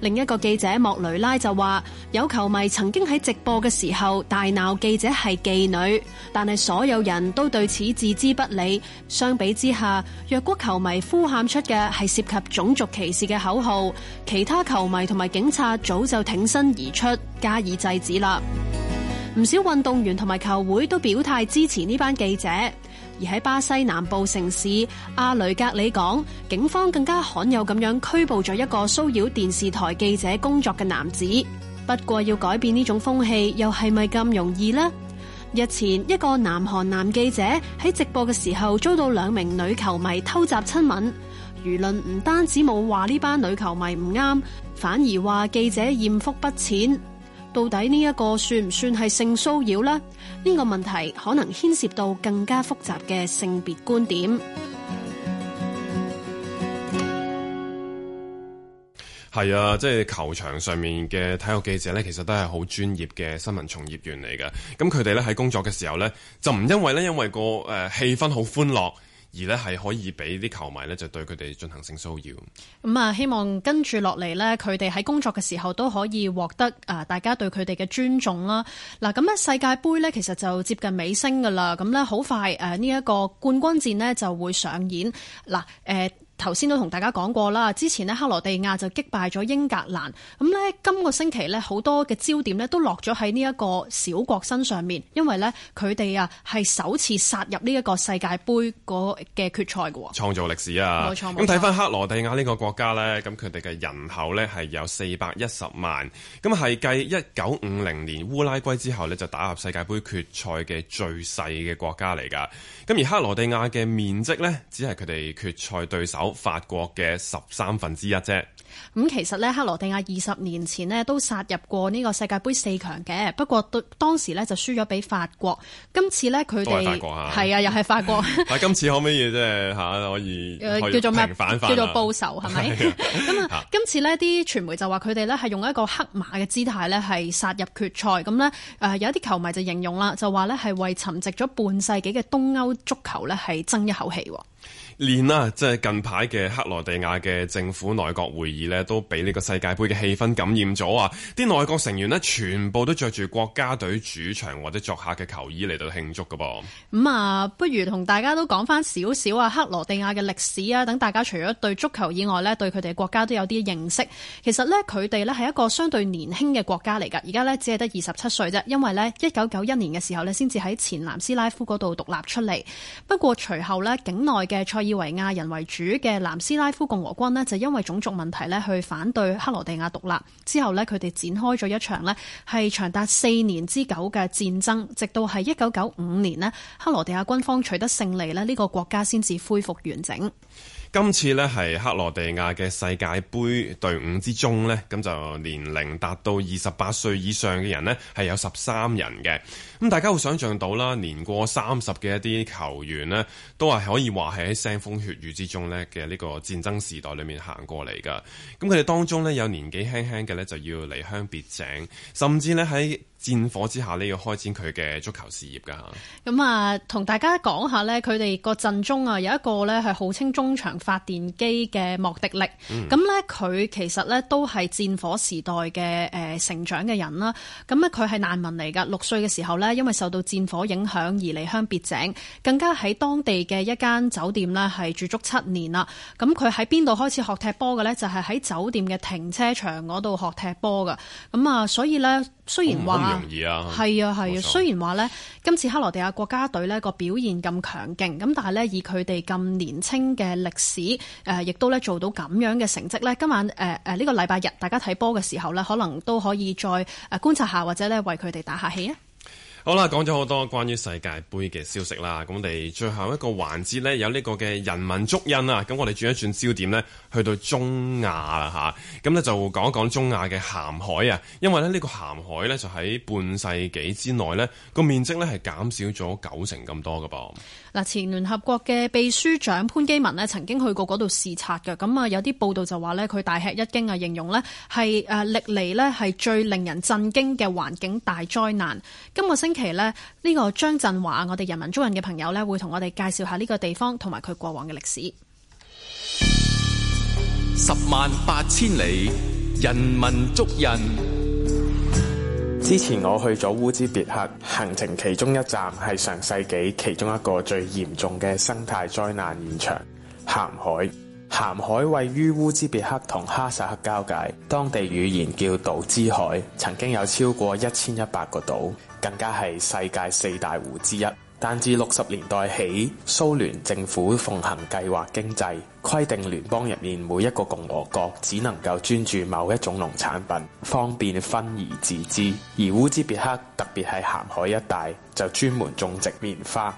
另一個記者莫雷拉就話，有球迷曾經喺直播嘅時候大鬧記者係妓女，但係所有人都對此置之不理。相比之下，若果球迷呼喊出嘅係涉及種族歧視嘅口號，其他球迷同埋警察早就挺身而出加以制止啦。唔少運動員同埋球會都表態支持呢班記者。而喺巴西南部城市阿雷格里港，警方更加罕有咁樣拘捕咗一個騷擾電視台記者工作嘅男子。不過要改變呢種風氣，又係咪咁容易呢？日前一個南韓男記者喺直播嘅時候，遭到兩名女球迷偷襲親吻，輿論唔單止冇話呢班女球迷唔啱，反而話記者艷福不淺。到底呢一個算唔算係性騷擾呢？呢個問題可能牽涉到更加複雜嘅性別觀點。係啊，即係球場上面嘅體育記者呢，其實都係好專業嘅新聞從業員嚟嘅。咁佢哋咧喺工作嘅時候呢，就唔因為呢，因為個誒氣氛好歡樂。而呢係可以俾啲球迷呢就對佢哋進行性騷擾。咁啊，希望跟住落嚟呢佢哋喺工作嘅時候都可以獲得啊，大家對佢哋嘅尊重啦。嗱，咁呢世界盃呢，其實就接近尾聲㗎喇。咁呢，好快呢一個冠軍戰呢，就會上演。嗱頭先都同大家講過啦，之前呢克羅地亞就擊敗咗英格蘭，咁呢，今個星期呢好多嘅焦點呢都落咗喺呢一個小國身上面，因為呢，佢哋啊係首次殺入呢一個世界盃嘅決賽嘅喎，創造歷史啊！冇錯，咁睇翻克羅地亞呢個國家呢，咁佢哋嘅人口呢係有四百一十萬，咁係繼一九五零年烏拉圭之後呢，就打入世界盃決賽嘅最細嘅國家嚟噶，咁而克羅地亞嘅面積呢，只係佢哋決賽對手法國嘅十三分之一啫。咁其實咧，克羅地亞二十年前咧都殺入過呢個世界盃四強嘅，不過對當時咧就輸咗俾法國。今次咧，佢哋係啊，又係、啊、法國。但 <laughs> 今次可唔可以即係吓可以叫做咩？叫做報仇係咪？咁是啊， <laughs> 今次呢啲傳媒就話佢哋咧係用一個黑馬嘅姿態咧係殺入決賽。咁呢，誒，有一啲球迷就形容啦，就話呢係為沉寂咗半世紀嘅東歐足球呢，係爭一口氣。連啦、啊，即係近排嘅克羅地亞嘅政府內閣會議咧，都俾呢個世界杯嘅氣氛感染咗啊！啲內閣成員咧，全部都着住國家隊主場或者作客嘅球衣嚟到慶祝噶噃。咁、嗯、啊，不如同大家都講翻少少啊，克羅地亞嘅歷史啊，等大家除咗對足球以外咧，對佢哋嘅國家都有啲認識。其實呢，佢哋咧係一個相對年輕嘅國家嚟噶，而家呢，只係得二十七歲啫。因為呢，一九九一年嘅時候呢，先至喺前南斯拉夫嗰度獨立出嚟。不過隨後呢，境內嘅塞爾維亞人為主嘅南斯拉夫共和國軍呢，就因為種族問題呢，去反對克羅地亞獨立之後呢，佢哋展開咗一場呢係長達四年之久嘅戰爭，直到係一九九五年呢，克羅地亞軍方取得勝利呢，呢個國家先至恢復完整。今次呢，係克羅地亞嘅世界杯隊伍之中呢，咁就年齡達到二十八歲以上嘅人呢，係有十三人嘅。咁大家會想象到啦，年過三十嘅一啲球員咧，都係可以話係喺腥風血雨之中咧嘅呢個戰爭時代裏面行過嚟噶。咁佢哋當中咧，有年紀輕輕嘅咧，就要離鄉別井，甚至咧喺戰火之下咧要開展佢嘅足球事業噶。嗯。咁啊，同大家講下咧，佢哋個陣中啊，有一個咧係號稱中場發電機嘅莫迪力，咁咧佢其實咧都係戰火時代嘅誒成長嘅人啦。咁呢佢係難民嚟噶，六歲嘅時候咧。因為受到戰火影響而離鄉別井，更加喺當地嘅一間酒店呢係住足七年啦。咁佢喺邊度開始學踢波嘅呢？就係、是、喺酒店嘅停車場嗰度學踢波噶。咁啊，所以呢，雖然話係啊係啊，雖然話呢，今次克羅地亞國家隊呢個表現咁強勁，咁但係呢，以佢哋咁年青嘅歷史誒，亦、呃、都呢做到咁樣嘅成績呢，今晚誒誒呢個禮拜日，大家睇波嘅時候呢，可能都可以再誒觀察下，或者呢，為佢哋打下氣咧。好啦，講咗好多關於世界杯嘅消息啦，咁我哋最後一個環節呢，有呢個嘅人民足印啊，咁我哋轉一轉焦點呢，去到中亞啦吓，咁、啊、呢就講一講中亞嘅鹹海啊，因為呢、呢個鹹海呢，就喺半世紀之內呢，個面積呢係減少咗九成咁多噶噃。嗱，前聯合國嘅秘書長潘基文咧，曾經去過嗰度視察嘅，咁啊有啲報道就話呢，佢大吃一驚啊，形容呢係誒歷嚟咧係最令人震驚嘅環境大災難。今個星期呢，呢個張振華，我哋人民族人嘅朋友呢，會同我哋介紹下呢個地方同埋佢過往嘅歷史。十萬八千里，人民族人。之前我去咗烏茲別克，行程其中一站係上世紀其中一個最嚴重嘅生態災難現場——鹹海。鹹海位於烏茲別克同哈薩克交界，當地語言叫島之海，曾經有超過一千一百個島，更加係世界四大湖之一。但自六十年代起，蘇聯政府奉行計劃經濟，規定聯邦入面每一個共和國只能夠專注某一種農產品，方便分而治之。而烏茲別克特別係鹹海一帶就專門種植棉花。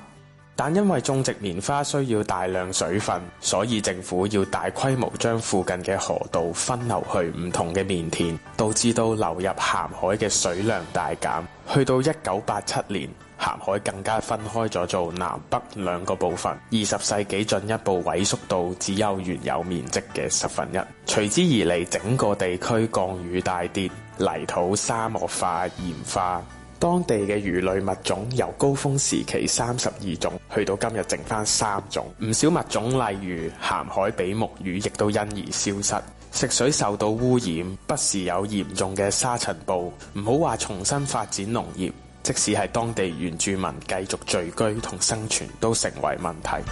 但因為種植棉花需要大量水分，所以政府要大規模將附近嘅河道分流去唔同嘅棉田，導致到流入鹹海嘅水量大減。去到一九八七年。鹹海更加分開咗做南北兩個部分。二十世紀進一步萎縮到只有原有面積嘅十分一。隨之而嚟，整個地區降雨大跌，泥土沙漠化、鹽化，當地嘅魚類物種由高峰時期三十二種，去到今日剩返三種。唔少物種，例如鹹海比目魚，亦都因而消失。食水受到污染，不時有嚴重嘅沙塵暴，唔好話重新發展農業。即使係當地原住民繼續聚居同生存都成為問題。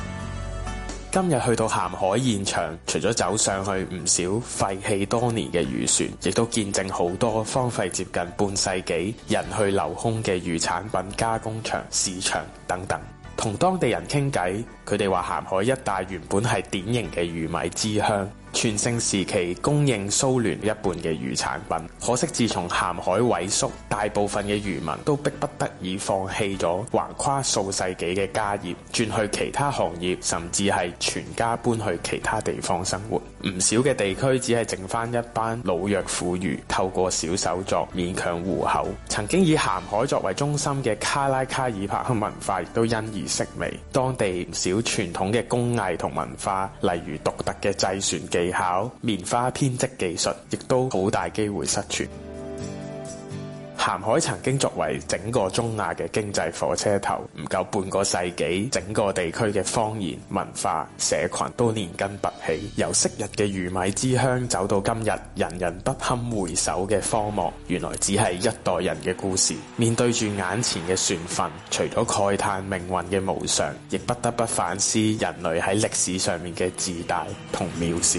今日去到鹹海現場，除咗走上去唔少廢棄多年嘅漁船，亦都見證好多荒廢接近半世紀、人去樓空嘅漁產品加工場、市場等等。同當地人傾偈。佢哋話鹹海一帶原本係典型嘅魚米之鄉，全盛時期供應蘇聯一半嘅魚產品。可惜自從鹹海萎縮，大部分嘅漁民都迫不得已放棄咗橫跨數世紀嘅家業，轉去其他行業，甚至係全家搬去其他地方生活。唔少嘅地區只係剩翻一班老弱婦孺，透過小手作勉強糊口。曾經以鹹海作為中心嘅卡拉卡爾帕克文化亦都因而式微，當地唔少。傳統嘅工藝同文化，例如獨特嘅製船技巧、棉花編織技術，亦都好大機會失傳。咸海曾經作為整個中亞嘅經濟火車頭，唔夠半個世紀，整個地區嘅方言、文化、社群都連根拔起，由昔日嘅魚米之鄉走到今日，人人不堪回首嘅荒漠，原來只係一代人嘅故事。面對住眼前嘅船墳，除咗慨嘆命運嘅無常，亦不得不反思人類喺歷史上面嘅自大同渺小。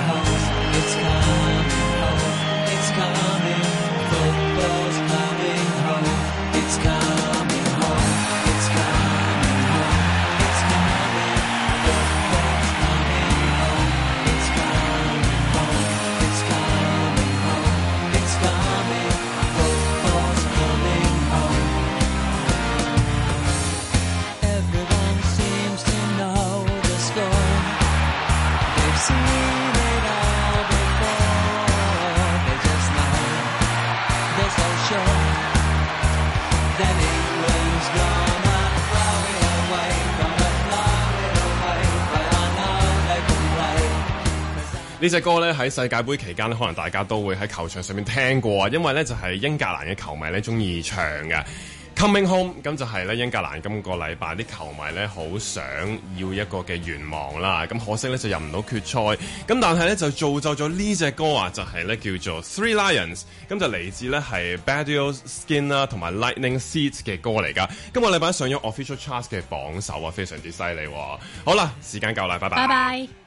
這呢隻歌咧喺世界盃期間可能大家都會喺球場上面聽過啊，因為咧就係、是、英格蘭嘅球迷咧中意唱嘅。Coming Home，咁就係咧英格蘭今個禮拜啲球迷咧好想要一個嘅願望啦。咁可惜咧就入唔到決賽，咁但係咧就造就咗呢隻歌啊，就係咧、就是、叫做 Three Lions，咁就嚟自咧係 Baddiel Skinner 啦同埋 Lightning Seeds 嘅歌嚟㗎。今個禮拜上咗 Official Charts 嘅榜首啊，非常之犀利、哦。好啦，時間夠啦，拜拜。Bye bye.